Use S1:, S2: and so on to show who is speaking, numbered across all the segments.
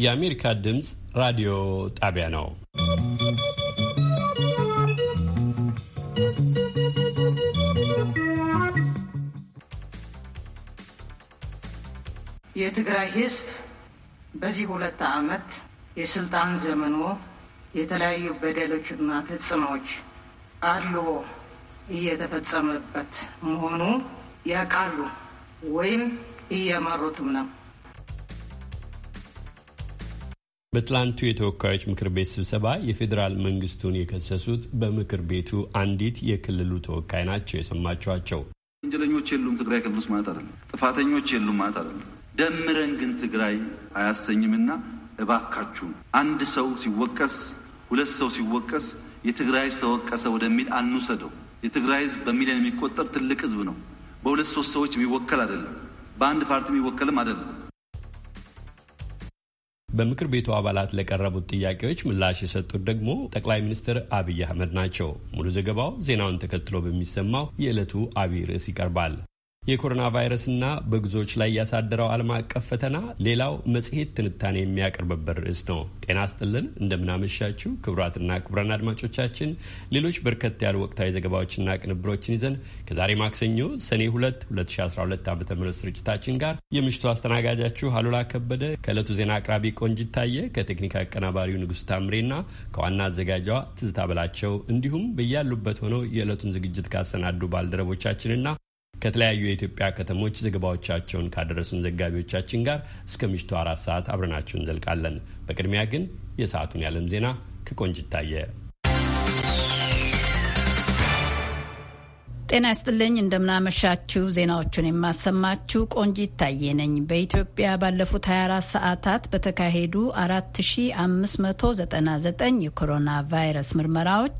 S1: የአሜሪካ ድምፅ ራዲዮ ጣቢያ ነው።
S2: የትግራይ ሕዝብ በዚህ ሁለት ዓመት የስልጣን ዘመኖ የተለያዩ በደሎችና ተጽዕኖዎች አሉ እየተፈጸመበት መሆኑ ያውቃሉ ወይም እየመሩትም ነው።
S1: በትላንቱ የተወካዮች ምክር ቤት ስብሰባ የፌዴራል መንግስቱን የከሰሱት በምክር ቤቱ አንዲት የክልሉ ተወካይ ናቸው የሰማችኋቸው።
S3: ወንጀለኞች የሉም ትግራይ ክልል ውስጥ ማለት አይደለም። ጥፋተኞች የሉም ማለት አይደለም። ደምረን ግን ትግራይ አያሰኝምና እባካችሁ አንድ ሰው ሲወቀስ፣ ሁለት ሰው ሲወቀስ የትግራይ ህዝብ ተወቀሰ ወደሚል አንውሰደው። የትግራይ ህዝብ በሚሊዮን የሚቆጠር ትልቅ ህዝብ ነው። በሁለት ሶስት ሰዎች የሚወከል አይደለም። በአንድ ፓርቲ የሚወከልም አይደለም።
S1: በምክር ቤቱ አባላት ለቀረቡት ጥያቄዎች ምላሽ የሰጡት ደግሞ ጠቅላይ ሚኒስትር አብይ አህመድ ናቸው። ሙሉ ዘገባው ዜናውን ተከትሎ በሚሰማው የዕለቱ አብይ ርዕስ ይቀርባል። የኮሮና ቫይረስና በግዞች ላይ ያሳደረው ዓለም አቀፍ ፈተና ሌላው መጽሔት ትንታኔ የሚያቀርብበት ርዕስ ነው። ጤና ስጥልን እንደምናመሻችሁ ክቡራትና ክቡራን አድማጮቻችን ሌሎች በርከት ያሉ ወቅታዊ ዘገባዎችና ቅንብሮችን ይዘን ከዛሬ ማክሰኞ ሰኔ 2 2012 ዓ ም ስርጭታችን ጋር የምሽቱ አስተናጋጃችሁ አሉላ ከበደ ከእለቱ ዜና አቅራቢ ቆንጅ ይታየ ከቴክኒክ አቀናባሪው ንጉሥ ታምሬና ከዋና አዘጋጇ ትዝታ በላቸው እንዲሁም በያሉበት ሆነው የዕለቱን ዝግጅት ካሰናዱ ባልደረቦቻችንና ከተለያዩ የኢትዮጵያ ከተሞች ዘገባዎቻቸውን ካደረሱን ዘጋቢዎቻችን ጋር እስከ ምሽቱ አራት ሰዓት አብረናችሁ እንዘልቃለን። በቅድሚያ ግን የሰዓቱን የዓለም ዜና ከቆንጅ ታየ።
S4: ጤና ይስጥልኝ። እንደምናመሻችሁ። ዜናዎቹን የማሰማችሁ ቆንጂ ይታየ ነኝ። በኢትዮጵያ ባለፉት 24 ሰዓታት በተካሄዱ 4599 የኮሮና ቫይረስ ምርመራዎች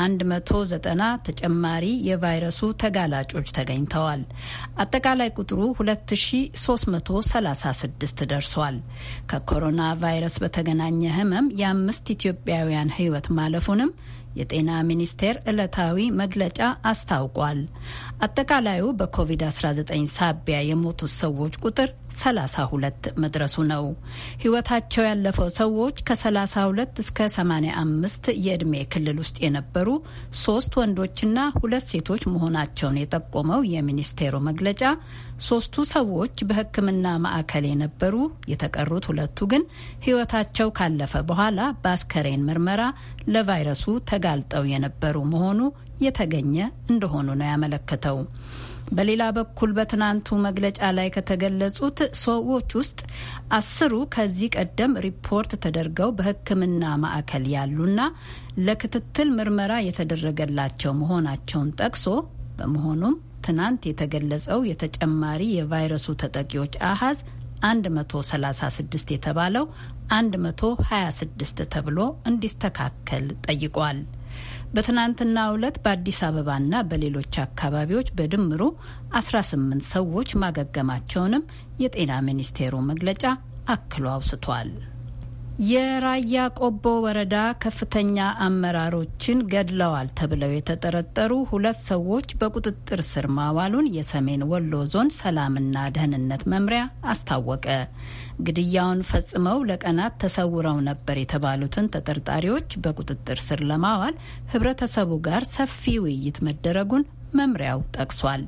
S4: 190 ተጨማሪ የቫይረሱ ተጋላጮች ተገኝተዋል። አጠቃላይ ቁጥሩ 2336 ደርሷል። ከኮሮና ቫይረስ በተገናኘ ህመም የአምስት ኢትዮጵያውያን ህይወት ማለፉንም የጤና ሚኒስቴር ዕለታዊ መግለጫ አስታውቋል። አጠቃላዩ በኮቪድ-19 ሳቢያ የሞቱት ሰዎች ቁጥር 32 መድረሱ ነው። ህይወታቸው ያለፈው ሰዎች ከ32 እስከ 85 የዕድሜ ክልል ውስጥ የነበሩ ሶስት ወንዶችና ሁለት ሴቶች መሆናቸውን የጠቆመው የሚኒስቴሩ መግለጫ ሶስቱ ሰዎች በሕክምና ማዕከል የነበሩ፣ የተቀሩት ሁለቱ ግን ህይወታቸው ካለፈ በኋላ በአስከሬን ምርመራ ለቫይረሱ ተጋልጠው የነበሩ መሆኑ የተገኘ እንደሆኑ ነው ያመለከተው። በሌላ በኩል በትናንቱ መግለጫ ላይ ከተገለጹት ሰዎች ውስጥ አስሩ ከዚህ ቀደም ሪፖርት ተደርገው በሕክምና ማዕከል ያሉና ለክትትል ምርመራ የተደረገላቸው መሆናቸውን ጠቅሶ በመሆኑም ትናንት የተገለጸው የተጨማሪ የቫይረሱ ተጠቂዎች አሃዝ 136 የተባለው 126 ተብሎ እንዲስተካከል ጠይቋል። በትናንትናው ዕለት በአዲስ አበባና በሌሎች አካባቢዎች በድምሩ 18 ሰዎች ማገገማቸውንም የጤና ሚኒስቴሩ መግለጫ አክሎ አውስቷል። የራያ ቆቦ ወረዳ ከፍተኛ አመራሮችን ገድለዋል ተብለው የተጠረጠሩ ሁለት ሰዎች በቁጥጥር ስር ማዋሉን የሰሜን ወሎ ዞን ሰላምና ደህንነት መምሪያ አስታወቀ። ግድያውን ፈጽመው ለቀናት ተሰውረው ነበር የተባሉትን ተጠርጣሪዎች በቁጥጥር ስር ለማዋል ሕብረተሰቡ ጋር ሰፊ ውይይት መደረጉን መምሪያው ጠቅሷል።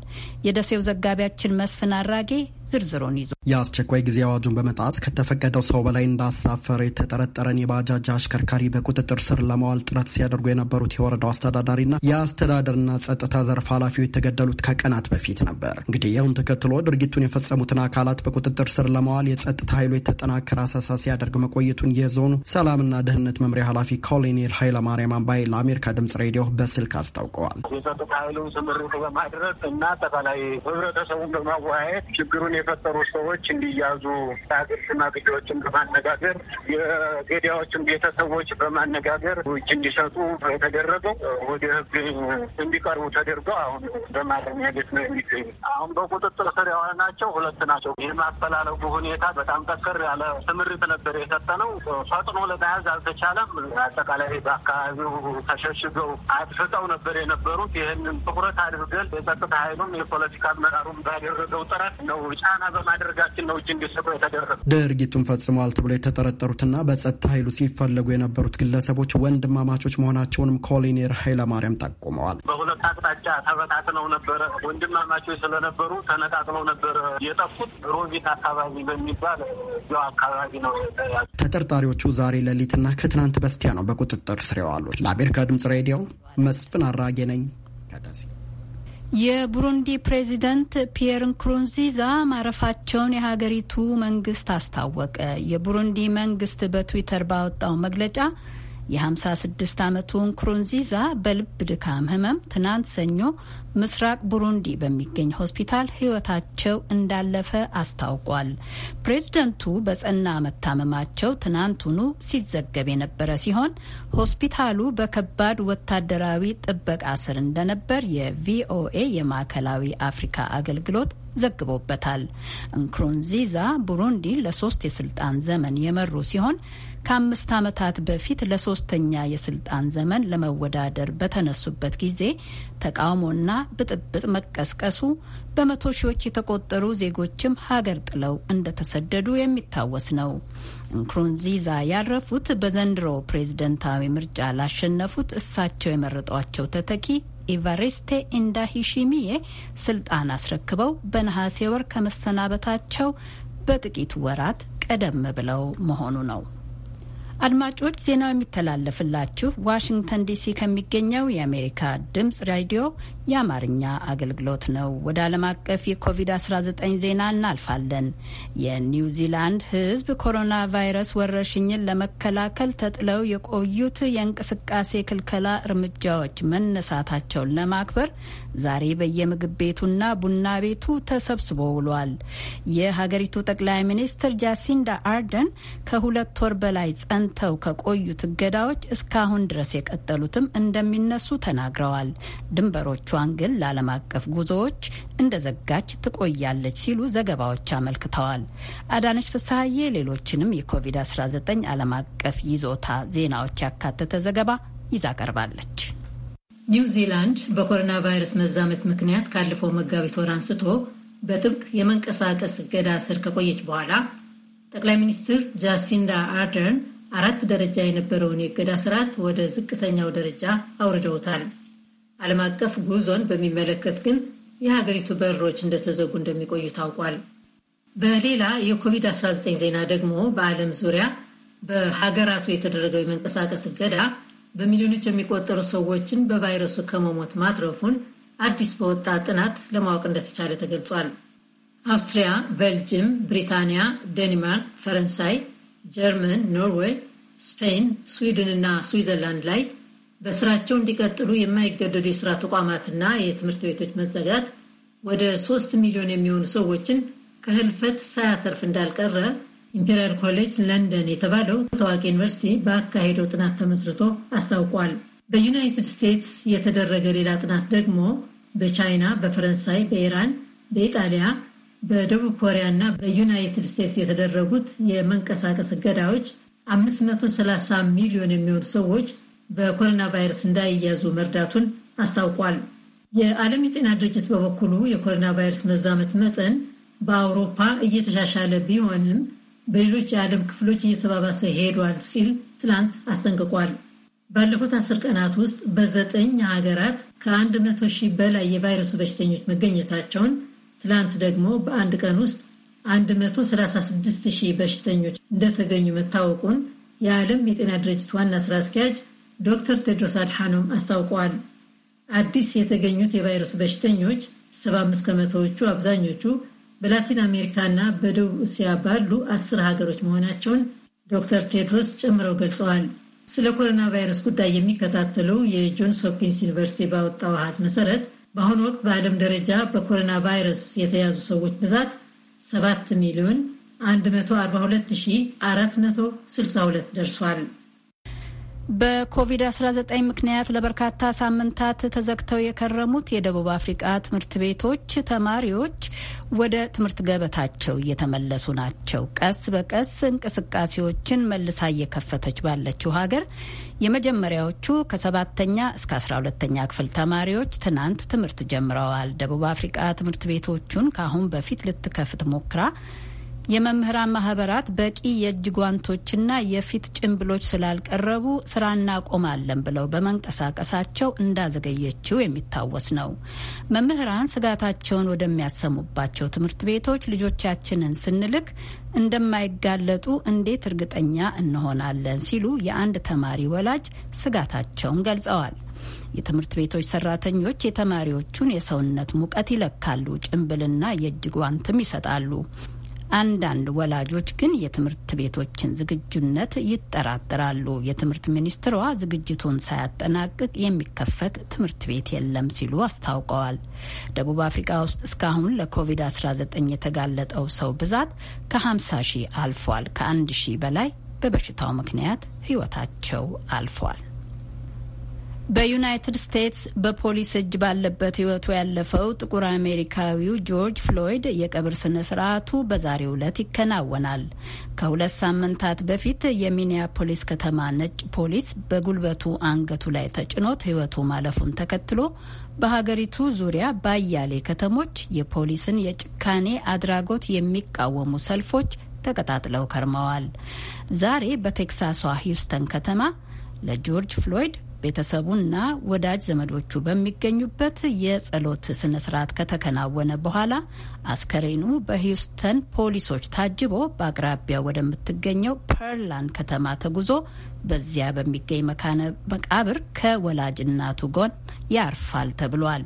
S4: የደሴው ዘጋቢያችን መስፍን አራጌ ዝርዝሩን ይዞ
S5: የአስቸኳይ ጊዜ አዋጁን በመጣስ ከተፈቀደው ሰው በላይ እንዳሳፈረ የተጠረጠረን የባጃጅ አሽከርካሪ በቁጥጥር ስር ለማዋል ጥረት ሲያደርጉ የነበሩት የወረዳው አስተዳዳሪና የአስተዳደርና ጸጥታ ዘርፍ ኃላፊው የተገደሉት ከቀናት በፊት ነበር። እንግዲህ ተከትሎ ድርጊቱን የፈጸሙትን አካላት በቁጥጥር ስር ለማዋል የጸጥታ ኃይሉ የተጠናከረ አሰሳ ሲያደርግ መቆየቱን የዞኑ ሰላምና ደህንነት መምሪያ ኃላፊ ኮሎኔል ኃይለማርያም አምባይ ለአሜሪካ ድምጽ ሬዲዮ በስልክ
S6: አስታውቀዋል። የጸጥታ ኃይሉን ስምሪት በማድረስ እና አጠቃላይ ህብረተሰቡን በማወያየት ችግሩን የፈጠሩ ሰዎች እንዲያዙ ሀገር ሽማግሌዎችን በማነጋገር
S7: የገዳዮችን ቤተሰቦች በማነጋገር እጅ እንዲሰጡ የተደረገው ወደ ህግ እንዲቀርቡ ተደርገው አሁን በማረሚያ ቤት ነው የሚገኙ። አሁን በቁጥጥር ስር ናቸው ሁለት ናቸው። ይህ ማፈላለጉ ሁኔታ በጣም ጠንከር ያለ ትምህርት ነበር የሰጠነው።
S6: ፈጥኖ ለመያዝ አልተቻለም። አጠቃላይ በአካባቢው ተሸሽገው አድፍጠው ነበር የነበሩት። ይህንን ትኩረት አድርገን የጸጥታ ኃይሉም የፖለቲካ አመራሩም
S5: ባደረገው ጥረት ነው ጫና በማድረጋችን ነው እጅ እንዲሰጡ የተደረገ። ድርጊቱን ፈጽመዋል ተብሎ የተጠረጠሩትና በጸጥታ ኃይሉ ሲፈለጉ የነበሩት ግለሰቦች ወንድማማቾች መሆናቸውንም ኮሊኔር ኃይለማርያም ጠቁመዋል።
S8: በሁለት አቅጣጫ ተበታትነው ነበረ። ወንድማማቾች ስለነበሩ ተነጣጥለው ነበረ የጠፉት። ሮቢት አካባቢ በሚባል ያው አካባቢ ነው። ተጠርጣሪዎቹ
S5: ዛሬ ሌሊትና ከትናንት በስቲያ ነው በቁጥጥር ስር የዋሉት። ለአሜሪካ ድምጽ ሬዲዮ መስፍን አራጌ ነኝ
S7: ከደሴ
S4: የቡሩንዲ ፕሬዚደንት ፒየር ንክሩንዚዛ ማረፋቸውን የሀገሪቱ መንግስት አስታወቀ። የቡሩንዲ መንግስት በትዊተር ባወጣው መግለጫ የ56 ዓመቱ ክሩንዚዛ በልብ ድካም ህመም ትናንት ሰኞ ምስራቅ ቡሩንዲ በሚገኝ ሆስፒታል ህይወታቸው እንዳለፈ አስታውቋል። ፕሬዝደንቱ በጸና መታመማቸው ትናንቱኑ ሲዘገብ የነበረ ሲሆን ሆስፒታሉ በከባድ ወታደራዊ ጥበቃ ስር እንደነበር የቪኦኤ የማዕከላዊ አፍሪካ አገልግሎት ዘግቦበታል። እንክሩንዚዛ ቡሩንዲ ለሶስት የስልጣን ዘመን የመሩ ሲሆን ከአምስት ዓመታት በፊት ለሶስተኛ የስልጣን ዘመን ለመወዳደር በተነሱበት ጊዜ ተቃውሞና ብጥብጥ መቀስቀሱ በመቶ ሺዎች የተቆጠሩ ዜጎችም ሀገር ጥለው እንደተሰደዱ የሚታወስ ነው። እንክሩንዚዛ ያረፉት በዘንድሮ ፕሬዝደንታዊ ምርጫ ላሸነፉት እሳቸው የመረጧቸው ተተኪ ኢቫሬስቴ ኢንዳሂሺሚዬ ስልጣን አስረክበው በነሐሴ ወር ከመሰናበታቸው በጥቂት ወራት ቀደም ብለው መሆኑ ነው። አድማጮች ዜናው የሚተላለፍላችሁ ዋሽንግተን ዲሲ ከሚገኘው የአሜሪካ ድምጽ ሬዲዮ የአማርኛ አገልግሎት ነው። ወደ ዓለም አቀፍ የኮቪድ-19 ዜና እናልፋለን። የኒውዚላንድ ሕዝብ ኮሮና ቫይረስ ወረርሽኝን ለመከላከል ተጥለው የቆዩት የእንቅስቃሴ ክልከላ እርምጃዎች መነሳታቸውን ለማክበር ዛሬ በየምግብ ቤቱና ቡና ቤቱ ተሰብስቦ ውሏል። የሀገሪቱ ጠቅላይ ሚኒስትር ጃሲንዳ አርደን ከሁለት ወር በላይ ጸንተው ከቆዩት እገዳዎች እስካሁን ድረስ የቀጠሉትም እንደሚነሱ ተናግረዋል። ድንበሮቿ እጇን ግን ለዓለም አቀፍ ጉዞዎች እንደዘጋች ትቆያለች ሲሉ ዘገባዎች አመልክተዋል። አዳነች ፍስሀዬ ሌሎችንም የኮቪድ-19 ዓለም አቀፍ ይዞታ ዜናዎች ያካተተ ዘገባ ይዛ ቀርባለች።
S9: ኒው ዚላንድ በኮሮና ቫይረስ መዛመት ምክንያት ካለፈው መጋቢት ወር አንስቶ በጥብቅ የመንቀሳቀስ እገዳ ስር ከቆየች በኋላ ጠቅላይ ሚኒስትር ጃሲንዳ አርደርን አራት ደረጃ የነበረውን የእገዳ ስርዓት ወደ ዝቅተኛው ደረጃ አውርደውታል። ዓለም አቀፍ ጉዞን በሚመለከት ግን የሀገሪቱ በሮች እንደተዘጉ እንደሚቆዩ ታውቋል። በሌላ የኮቪድ-19 ዜና ደግሞ በዓለም ዙሪያ በሀገራቱ የተደረገው የመንቀሳቀስ እገዳ በሚሊዮኖች የሚቆጠሩ ሰዎችን በቫይረሱ ከመሞት ማትረፉን አዲስ በወጣ ጥናት ለማወቅ እንደተቻለ ተገልጿል። አውስትሪያ፣ ቤልጅየም፣ ብሪታንያ፣ ዴንማርክ፣ ፈረንሳይ፣ ጀርመን፣ ኖርዌይ፣ ስፔን፣ ስዊድን እና ስዊዘርላንድ ላይ በስራቸው እንዲቀጥሉ የማይገደዱ የስራ ተቋማትና የትምህርት ቤቶች መዘጋት ወደ ሶስት ሚሊዮን የሚሆኑ ሰዎችን ከህልፈት ሳያተርፍ እንዳልቀረ ኢምፔሪያል ኮሌጅ ለንደን የተባለው ታዋቂ ዩኒቨርሲቲ በአካሄደው ጥናት ተመስርቶ አስታውቋል። በዩናይትድ ስቴትስ የተደረገ ሌላ ጥናት ደግሞ በቻይና፣ በፈረንሳይ፣ በኢራን፣ በኢጣሊያ፣ በደቡብ ኮሪያ እና በዩናይትድ ስቴትስ የተደረጉት የመንቀሳቀስ እገዳዎች 530 ሚሊዮን የሚሆኑ ሰዎች በኮሮና ቫይረስ እንዳይያዙ መርዳቱን አስታውቋል። የዓለም የጤና ድርጅት በበኩሉ የኮሮና ቫይረስ መዛመት መጠን በአውሮፓ እየተሻሻለ ቢሆንም በሌሎች የዓለም ክፍሎች እየተባባሰ ሄዷል ሲል ትላንት አስጠንቅቋል። ባለፉት አስር ቀናት ውስጥ በዘጠኝ ሀገራት ከአንድ መቶ ሺህ በላይ የቫይረሱ በሽተኞች መገኘታቸውን ትላንት ደግሞ በአንድ ቀን ውስጥ 136 ሺህ በሽተኞች እንደተገኙ መታወቁን የዓለም የጤና ድርጅት ዋና ስራ አስኪያጅ ዶክተር ቴድሮስ አድሓኖም አስታውቀዋል። አዲስ የተገኙት የቫይረሱ በሽተኞች 75 ከመቶዎቹ አብዛኞቹ በላቲን አሜሪካና በደቡብ እስያ ባሉ አስር ሀገሮች መሆናቸውን ዶክተር ቴድሮስ ጨምረው ገልጸዋል። ስለ ኮሮና ቫይረስ ጉዳይ የሚከታተለው የጆንስ ሆፕኪንስ ዩኒቨርሲቲ ባወጣው አሃዝ መሰረት በአሁኑ ወቅት በዓለም ደረጃ በኮሮና ቫይረስ የተያዙ ሰዎች ብዛት 7 ሚሊዮን 142462 ደርሷል።
S4: በኮቪድ-19 ምክንያት ለበርካታ ሳምንታት ተዘግተው የከረሙት የደቡብ አፍሪቃ ትምህርት ቤቶች ተማሪዎች ወደ ትምህርት ገበታቸው እየተመለሱ ናቸው። ቀስ በቀስ እንቅስቃሴዎችን መልሳ እየከፈተች ባለችው ሀገር የመጀመሪያዎቹ ከሰባተኛ እስከ አስራ ሁለተኛ ክፍል ተማሪዎች ትናንት ትምህርት ጀምረዋል። ደቡብ አፍሪቃ ትምህርት ቤቶቹን ከአሁን በፊት ልትከፍት ሞክራ የመምህራን ማህበራት በቂ የእጅ ጓንቶችና የፊት ጭንብሎች ስላልቀረቡ ስራ እናቆማለን ብለው በመንቀሳቀሳቸው እንዳዘገየችው የሚታወስ ነው። መምህራን ስጋታቸውን ወደሚያሰሙባቸው ትምህርት ቤቶች ልጆቻችንን ስንልክ እንደማይጋለጡ እንዴት እርግጠኛ እንሆናለን ሲሉ የአንድ ተማሪ ወላጅ ስጋታቸውን ገልጸዋል። የትምህርት ቤቶች ሰራተኞች የተማሪዎቹን የሰውነት ሙቀት ይለካሉ፣ ጭንብልና የእጅ ጓንትም ይሰጣሉ። አንዳንድ ወላጆች ግን የትምህርት ቤቶችን ዝግጁነት ይጠራጠራሉ። የትምህርት ሚኒስትሯ ዝግጅቱን ሳያጠናቅቅ የሚከፈት ትምህርት ቤት የለም ሲሉ አስታውቀዋል። ደቡብ አፍሪካ ውስጥ እስካሁን ለኮቪድ-19 የተጋለጠው ሰው ብዛት ከ50 ሺህ አልፏል። ከ1 ሺህ በላይ በበሽታው ምክንያት ሕይወታቸው አልፏል። በዩናይትድ ስቴትስ በፖሊስ እጅ ባለበት ሕይወቱ ያለፈው ጥቁር አሜሪካዊው ጆርጅ ፍሎይድ የቀብር ስነ ስርዓቱ በዛሬው ዕለት ይከናወናል። ከሁለት ሳምንታት በፊት የሚኒያፖሊስ ከተማ ነጭ ፖሊስ በጉልበቱ አንገቱ ላይ ተጭኖት ሕይወቱ ማለፉን ተከትሎ በሀገሪቱ ዙሪያ ባያሌ ከተሞች የፖሊስን የጭካኔ አድራጎት የሚቃወሙ ሰልፎች ተቀጣጥለው ከርመዋል። ዛሬ በቴክሳሷ ሂውስተን ከተማ ለጆርጅ ፍሎይድ ቤተሰቡና ወዳጅ ዘመዶቹ በሚገኙበት የጸሎት ስነ ስርዓት ከተከናወነ በኋላ አስከሬኑ በሂውስተን ፖሊሶች ታጅቦ በአቅራቢያ ወደምትገኘው ፐርላንድ ከተማ ተጉዞ በዚያ በሚገኝ መካነ መቃብር ከወላጅ እናቱ ጎን ያርፋል ተብሏል።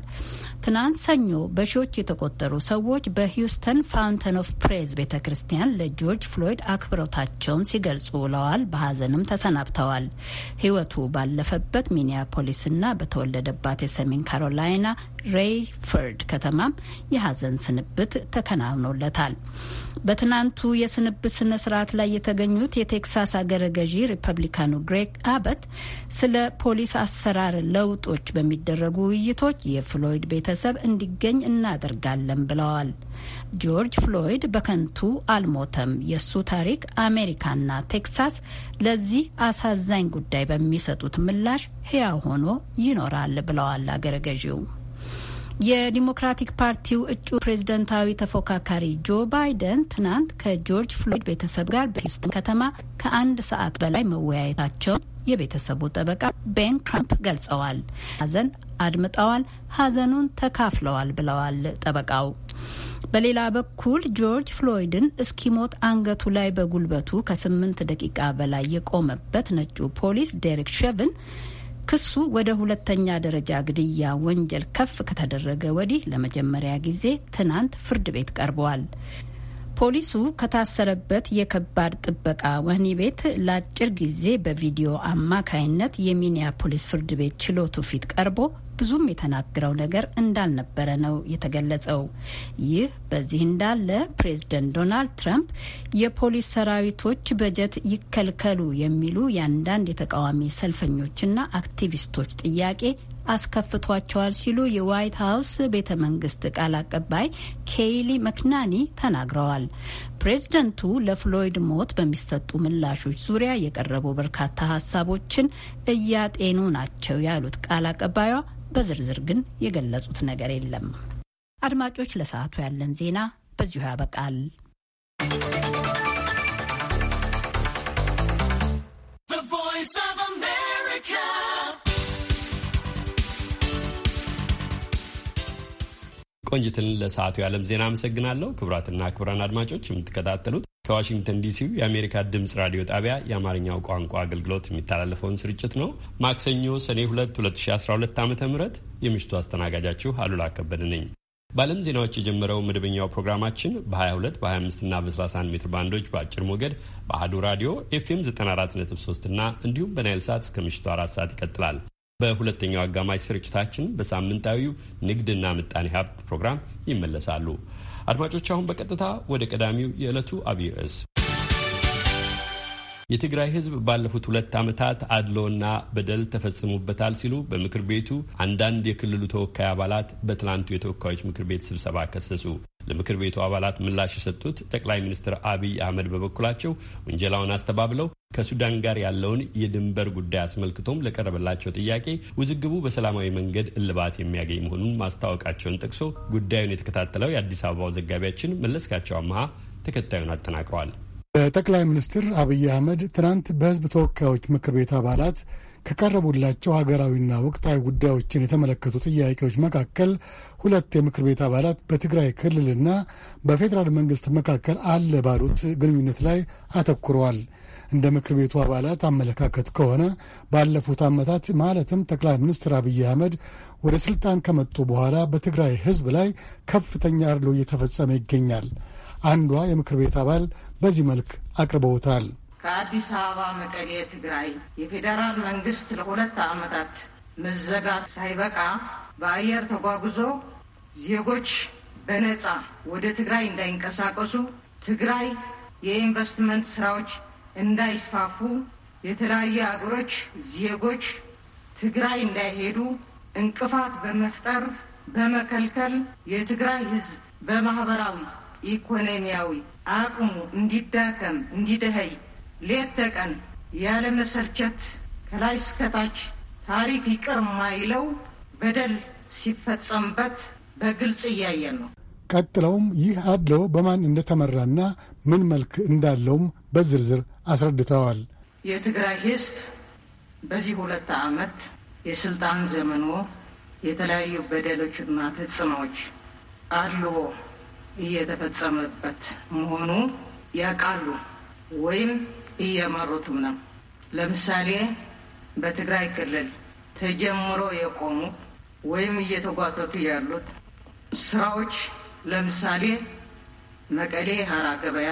S4: ትናንት ሰኞ በሺዎች የተቆጠሩ ሰዎች በሂውስተን ፋውንተን ኦፍ ፕሬዝ ቤተ ክርስቲያን ለጆርጅ ፍሎይድ አክብሮታቸውን ሲገልጹ ውለዋል። በሀዘንም ተሰናብተዋል። ሕይወቱ ባለፈበት ሚኒያፖሊስና በተወለደባት የሰሜን ካሮላይና ሬይፈርድ ከተማም የሀዘን ስንብት ተከናውኖለታል። በትናንቱ የስንብት ስነ ስርዓት ላይ የተገኙት የቴክሳስ አገረ ገዢ ሪፐብሊካኑ ግሬግ አበት ስለ ፖሊስ አሰራር ለውጦች በሚደረጉ ውይይቶች የፍሎይድ ቤተ ቤተሰብ እንዲገኝ እናደርጋለን ብለዋል። ጆርጅ ፍሎይድ በከንቱ አልሞተም። የእሱ ታሪክ አሜሪካና ቴክሳስ ለዚህ አሳዛኝ ጉዳይ በሚሰጡት ምላሽ ሕያው ሆኖ ይኖራል ብለዋል አገረ ገዢው። የዲሞክራቲክ ፓርቲው እጩ ፕሬዝደንታዊ ተፎካካሪ ጆ ባይደን ትናንት ከጆርጅ ፍሎይድ ቤተሰብ ጋር በሂውስተን ከተማ ከአንድ ሰዓት በላይ መወያየታቸውን የቤተሰቡ ጠበቃ ቤን ትራምፕ ገልጸዋል። ሀዘን አድምጠዋል፣ ሀዘኑን ተካፍለዋል ብለዋል ጠበቃው። በሌላ በኩል ጆርጅ ፍሎይድን እስኪሞት አንገቱ ላይ በጉልበቱ ከስምንት ደቂቃ በላይ የቆመበት ነጩ ፖሊስ ዴሪክ ሸቭን ክሱ ወደ ሁለተኛ ደረጃ ግድያ ወንጀል ከፍ ከተደረገ ወዲህ ለመጀመሪያ ጊዜ ትናንት ፍርድ ቤት ቀርበዋል። ፖሊሱ ከታሰረበት የከባድ ጥበቃ ወህኒ ቤት ለአጭር ጊዜ በቪዲዮ አማካይነት የሚኒያፖሊስ ፍርድ ቤት ችሎቱ ፊት ቀርቦ ብዙም የተናገረው ነገር እንዳልነበረ ነው የተገለጸው። ይህ በዚህ እንዳለ ፕሬዝደንት ዶናልድ ትራምፕ የፖሊስ ሰራዊቶች በጀት ይከልከሉ የሚሉ የአንዳንድ የተቃዋሚ ሰልፈኞችና አክቲቪስቶች ጥያቄ አስከፍቷቸዋል ሲሉ የዋይት ሀውስ ቤተ መንግስት ቃል አቀባይ ኬይሊ መክናኒ ተናግረዋል። ፕሬዝደንቱ ለፍሎይድ ሞት በሚሰጡ ምላሾች ዙሪያ የቀረቡ በርካታ ሀሳቦችን እያጤኑ ናቸው ያሉት ቃል አቀባዩ በዝርዝር ግን የገለጹት ነገር የለም። አድማጮች፣ ለሰዓቱ ያለን ዜና በዚሁ ያበቃል።
S1: ቆንጅትን ለሰዓቱ የዓለም ዜና አመሰግናለሁ። ክቡራትና ክቡራን አድማጮች የምትከታተሉት ከዋሽንግተን ዲሲው የአሜሪካ ድምፅ ራዲዮ ጣቢያ የአማርኛው ቋንቋ አገልግሎት የሚተላለፈውን ስርጭት ነው። ማክሰኞ ሰኔ 2 2012 ዓ ም የምሽቱ አስተናጋጃችሁ አሉላ ከበደ ነኝ። በዓለም ዜናዎች የጀመረው መደበኛው ፕሮግራማችን በ22 በ25 እና በ31 ሜትር ባንዶች በአጭር ሞገድ በአህዱ ራዲዮ ኤፍኤም 943 እና እንዲሁም በናይል ሰዓት እስከ ምሽቱ አራት ሰዓት ይቀጥላል። በሁለተኛው አጋማሽ ስርጭታችን በሳምንታዊው ንግድና ምጣኔ ሀብት ፕሮግራም ይመለሳሉ። አድማጮች፣ አሁን በቀጥታ ወደ ቀዳሚው የዕለቱ አብይ ርዕስ የትግራይ ሕዝብ ባለፉት ሁለት ዓመታት አድሎና በደል ተፈጽሞበታል ሲሉ በምክር ቤቱ አንዳንድ የክልሉ ተወካይ አባላት በትናንቱ የተወካዮች ምክር ቤት ስብሰባ ከሰሱ። ለምክር ቤቱ አባላት ምላሽ የሰጡት ጠቅላይ ሚኒስትር አብይ አህመድ በበኩላቸው ውንጀላውን አስተባብለው ከሱዳን ጋር ያለውን የድንበር ጉዳይ አስመልክቶም ለቀረበላቸው ጥያቄ ውዝግቡ በሰላማዊ መንገድ እልባት የሚያገኝ መሆኑን ማስታወቃቸውን ጠቅሶ ጉዳዩን የተከታተለው የአዲስ አበባው ዘጋቢያችን መለስካቸው አመሃ ተከታዩን አጠናቅረዋል።
S6: ጠቅላይ ሚኒስትር አብይ አህመድ ትናንት በህዝብ ተወካዮች ምክር ቤት አባላት ከቀረቡላቸው ሀገራዊና ወቅታዊ ጉዳዮችን የተመለከቱ ጥያቄዎች መካከል ሁለት የምክር ቤት አባላት በትግራይ ክልልና በፌዴራል መንግስት መካከል አለ ባሉት ግንኙነት ላይ አተኩረዋል። እንደ ምክር ቤቱ አባላት አመለካከት ከሆነ ባለፉት ዓመታት ማለትም ጠቅላይ ሚኒስትር አብይ አህመድ ወደ ስልጣን ከመጡ በኋላ በትግራይ ህዝብ ላይ ከፍተኛ አድሎ እየተፈጸመ ይገኛል። አንዷ የምክር ቤት አባል በዚህ መልክ አቅርበውታል።
S2: ከአዲስ አበባ መቀሌ ትግራይ የፌዴራል መንግስት ለሁለት ዓመታት መዘጋት ሳይበቃ በአየር ተጓጉዞ ዜጎች በነፃ ወደ ትግራይ እንዳይንቀሳቀሱ፣ ትግራይ የኢንቨስትመንት ስራዎች እንዳይስፋፉ፣ የተለያዩ አገሮች ዜጎች ትግራይ እንዳይሄዱ እንቅፋት በመፍጠር በመከልከል የትግራይ ህዝብ በማህበራዊ ኢኮኖሚያዊ አቅሙ እንዲዳከም እንዲደኸይ ሌት ተቀን ያለ መሰልቸት ከላይ እስከታች ታሪክ ይቅር ማይለው በደል ሲፈጸምበት በግልጽ እያየን ነው።
S6: ቀጥለውም ይህ አድሎ በማን እንደተመራና ምን መልክ እንዳለውም በዝርዝር አስረድተዋል።
S2: የትግራይ ሕዝብ በዚህ ሁለት ዓመት የስልጣን ዘመኖ የተለያዩ በደሎችና ተጽዕኖዎች አድሎ እየተፈጸመበት መሆኑ ያውቃሉ ወይም እየመሩትም ነው። ለምሳሌ በትግራይ ክልል ተጀምሮ የቆሙ ወይም እየተጓተቱ ያሉት ስራዎች ለምሳሌ መቀሌ ሀራ ገበያ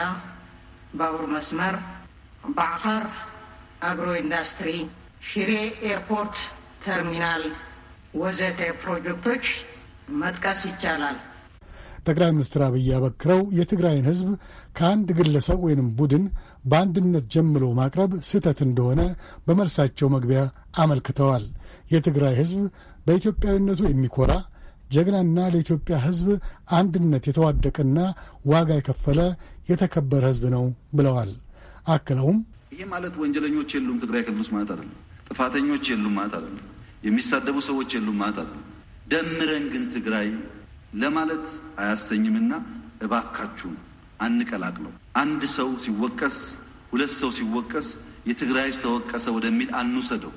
S2: ባቡር መስመር፣ ባዕኸር አግሮ ኢንዱስትሪ፣ ሽሬ ኤርፖርት ተርሚናል ወዘተ ፕሮጀክቶች መጥቀስ ይቻላል።
S6: ጠቅላይ ሚኒስትር አብይ አበክረው የትግራይን ህዝብ ከአንድ ግለሰብ ወይንም ቡድን በአንድነት ጀምሎ ማቅረብ ስህተት እንደሆነ በመልሳቸው መግቢያ አመልክተዋል። የትግራይ ህዝብ በኢትዮጵያዊነቱ የሚኮራ ጀግናና ለኢትዮጵያ ህዝብ አንድነት የተዋደቀና ዋጋ የከፈለ የተከበረ ህዝብ ነው ብለዋል። አክለውም
S3: ይሄ ማለት ወንጀለኞች የሉም ትግራይ ክልል ውስጥ ማለት አይደለም። ጥፋተኞች የሉም ማለት አይደለም። የሚሳደቡ ሰዎች የሉም ማለት አይደለም። ደምረን ግን ትግራይ ለማለት አያሰኝምና እባካችሁን አንቀላቅለው። አንድ ሰው ሲወቀስ፣ ሁለት ሰው ሲወቀስ የትግራይ ህዝብ ተወቀሰ ወደሚል አንውሰደው።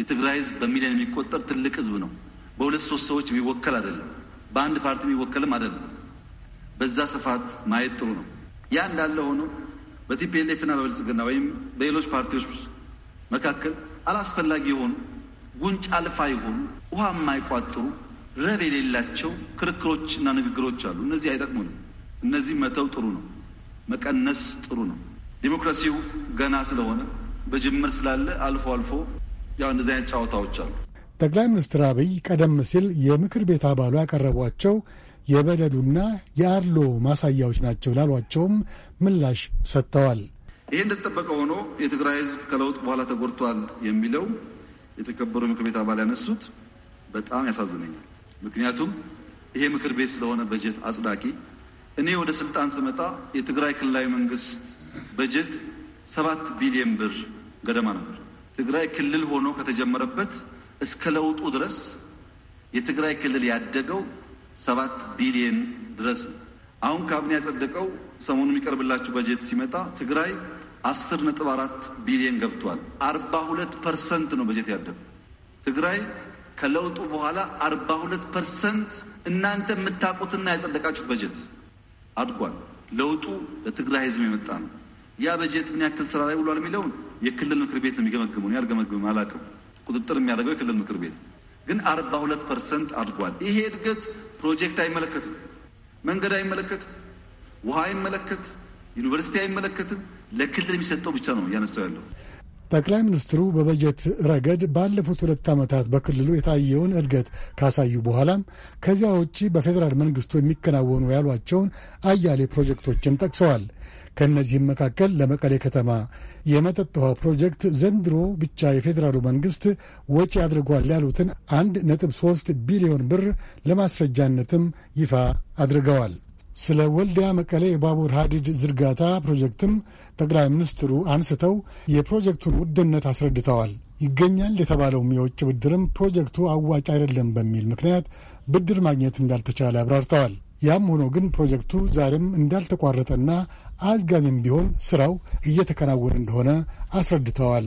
S3: የትግራይ ህዝብ በሚሊዮን የሚቆጠር ትልቅ ህዝብ ነው። በሁለት ሶስት ሰዎች የሚወከል አይደለም። በአንድ ፓርቲ የሚወከልም አይደለም። በዛ ስፋት ማየት ጥሩ ነው። ያ እንዳለ ሆኖ በቲፒኤልኤፍና በብልጽግና ወይም በሌሎች ፓርቲዎች መካከል አላስፈላጊ የሆኑ ጉንጭ አልፋ የሆኑ ውሃ የማይቋጥሩ ረብ የሌላቸው ክርክሮችና ንግግሮች አሉ። እነዚህ አይጠቅሙንም። እነዚህ መተው ጥሩ ነው፣ መቀነስ ጥሩ ነው። ዴሞክራሲው ገና ስለሆነ በጅምር ስላለ አልፎ አልፎ ያው እንደዚህ አይነት ጨዋታዎች አሉ።
S6: ጠቅላይ ሚኒስትር አብይ ቀደም ሲል የምክር ቤት አባሉ ያቀረቧቸው የበደሉና የአድሎ ማሳያዎች ናቸው ላሏቸውም ምላሽ ሰጥተዋል።
S3: ይህ እንደተጠበቀ ሆኖ የትግራይ ሕዝብ ከለውጥ በኋላ ተጎድቷል የሚለው የተከበሩ ምክር ቤት አባል ያነሱት በጣም ያሳዝነኛል። ምክንያቱም ይሄ ምክር ቤት ስለሆነ በጀት አጽዳቂ። እኔ ወደ ስልጣን ስመጣ የትግራይ ክልላዊ መንግስት በጀት ሰባት ቢሊየን ብር ገደማ ነበር። ትግራይ ክልል ሆኖ ከተጀመረበት እስከ ለውጡ ድረስ የትግራይ ክልል ያደገው ሰባት ቢሊየን ድረስ ነው። አሁን ካቢኔ ያጸደቀው ሰሞኑ የሚቀርብላችሁ በጀት ሲመጣ ትግራይ አስር ነጥብ አራት ቢሊየን ገብቷል። አርባ ሁለት ፐርሰንት ነው በጀት ያደገው ትግራይ ከለውጡ በኋላ አርባ ሁለት ፐርሰንት እናንተ የምታውቁትና ያጸደቃችሁት በጀት አድጓል። ለውጡ ለትግራይ ህዝብ የመጣ ነው። ያ በጀት ምን ያክል ስራ ላይ ውሏል የሚለውን የክልል ምክር ቤት ነው የሚገመግመው። እኔ አልገመግምም፣ አላውቅም። ቁጥጥር የሚያደርገው የክልል ምክር ቤት ግን አርባ ሁለት ፐርሰንት አድጓል። ይሄ እድገት ፕሮጀክት አይመለከትም፣ መንገድ አይመለከትም፣ ውሃ አይመለከት፣ ዩኒቨርሲቲ አይመለከትም። ለክልል የሚሰጠው ብቻ ነው እያነሳው ያለው።
S6: ጠቅላይ ሚኒስትሩ በበጀት ረገድ ባለፉት ሁለት ዓመታት በክልሉ የታየውን እድገት ካሳዩ በኋላም ከዚያ ውጪ በፌዴራል መንግስቱ የሚከናወኑ ያሏቸውን አያሌ ፕሮጀክቶችን ጠቅሰዋል። ከእነዚህም መካከል ለመቀሌ ከተማ የመጠጥ ውሃ ፕሮጀክት ዘንድሮ ብቻ የፌዴራሉ መንግስት ወጪ አድርጓል ያሉትን አንድ ነጥብ ሶስት ቢሊዮን ብር ለማስረጃነትም ይፋ አድርገዋል። ስለ ወልዲያ መቀሌ የባቡር ሀዲድ ዝርጋታ ፕሮጀክትም ጠቅላይ ሚኒስትሩ አንስተው የፕሮጀክቱን ውድነት አስረድተዋል። ይገኛል የተባለውም የውጭ ብድርም ፕሮጀክቱ አዋጭ አይደለም በሚል ምክንያት ብድር ማግኘት እንዳልተቻለ አብራርተዋል። ያም ሆኖ ግን ፕሮጀክቱ ዛሬም እንዳልተቋረጠና አዝጋሚም ቢሆን ስራው እየተከናወነ እንደሆነ አስረድተዋል።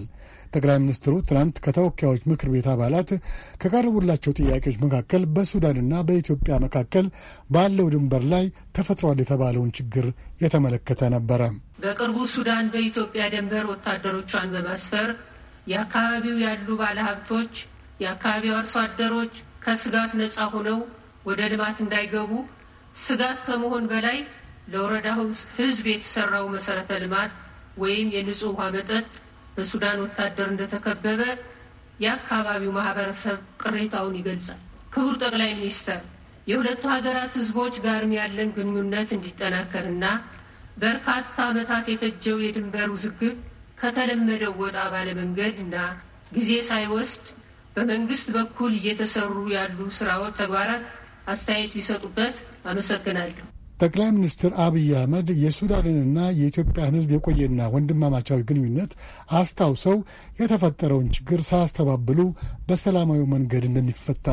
S6: ጠቅላይ ሚኒስትሩ ትናንት ከተወካዮች ምክር ቤት አባላት ከቀረቡላቸው ጥያቄዎች መካከል በሱዳንና በኢትዮጵያ መካከል ባለው ድንበር ላይ ተፈጥሯል የተባለውን ችግር የተመለከተ ነበረ።
S10: በቅርቡ ሱዳን በኢትዮጵያ ድንበር ወታደሮቿን በማስፈር የአካባቢው ያሉ ባለሀብቶች፣ የአካባቢው አርሶ አደሮች ከስጋት ነፃ ሆነው ወደ ልማት እንዳይገቡ ስጋት ከመሆን በላይ ለወረዳው ሕዝብ የተሰራው መሰረተ ልማት ወይም የንጹህ ውሃ መጠጥ በሱዳን ወታደር እንደተከበበ የአካባቢው ማህበረሰብ ቅሬታውን ይገልጻል። ክቡር ጠቅላይ ሚኒስተር፣ የሁለቱ ሀገራት ህዝቦች ጋርም ያለን ግንኙነት እንዲጠናከርና በርካታ ዓመታት የፈጀው የድንበር ውዝግብ ከተለመደው ወጣ ባለ መንገድ እና ጊዜ ሳይወስድ በመንግስት በኩል እየተሰሩ ያሉ ስራዎች፣ ተግባራት አስተያየት ቢሰጡበት አመሰግናለሁ።
S6: ጠቅላይ ሚኒስትር አብይ አህመድ የሱዳንንና የኢትዮጵያን ሕዝብ የቆየና ወንድማማቻዊ ግንኙነት አስታውሰው የተፈጠረውን ችግር ሳያስተባብሉ በሰላማዊ መንገድ እንደሚፈታ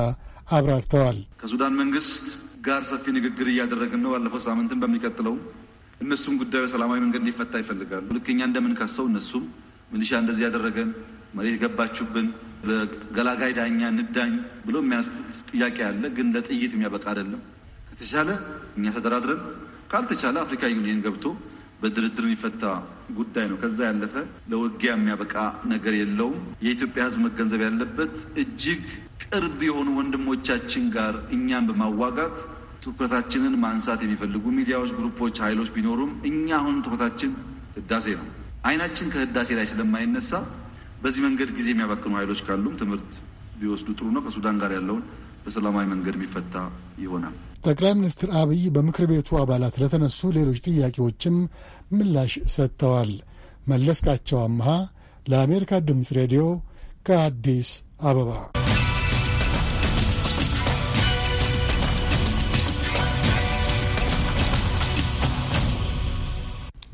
S6: አብራርተዋል።
S3: ከሱዳን መንግስት ጋር ሰፊ ንግግር እያደረግን ነው። ባለፈው ሳምንትን በሚቀጥለው እነሱም ጉዳዩ ሰላማዊ መንገድ እንዲፈታ ይፈልጋሉ። ልክኛ እንደምን እንደምንከሰው እነሱም ሚሊሻ እንደዚህ ያደረገን መሬት ገባችሁብን በገላጋይ ዳኛ ንዳኝ ብሎ የሚያስ ጥያቄ አለ። ግን ለጥይት የሚያበቃ አይደለም። ከተቻለ እኛ ተደራድረን ካልተቻለ አፍሪካ ዩኒየን ገብቶ በድርድር የሚፈታ ጉዳይ ነው። ከዛ ያለፈ ለውጊያ የሚያበቃ ነገር የለውም። የኢትዮጵያ ሕዝብ መገንዘብ ያለበት እጅግ ቅርብ የሆኑ ወንድሞቻችን ጋር እኛን በማዋጋት ትኩረታችንን ማንሳት የሚፈልጉ ሚዲያዎች፣ ግሩፖች፣ ኃይሎች ቢኖሩም እኛ አሁን ትኩረታችን ህዳሴ ነው። አይናችን ከህዳሴ ላይ ስለማይነሳ በዚህ መንገድ ጊዜ የሚያባክኑ ኃይሎች ካሉም ትምህርት ቢወስዱ ጥሩ ነው። ከሱዳን ጋር ያለውን በሰላማዊ መንገድ የሚፈታ ይሆናል።
S6: ጠቅላይ ሚኒስትር አብይ በምክር ቤቱ አባላት ለተነሱ ሌሎች ጥያቄዎችም ምላሽ ሰጥተዋል። መለስካቸው አምሃ ለአሜሪካ ድምፅ ሬዲዮ ከአዲስ አበባ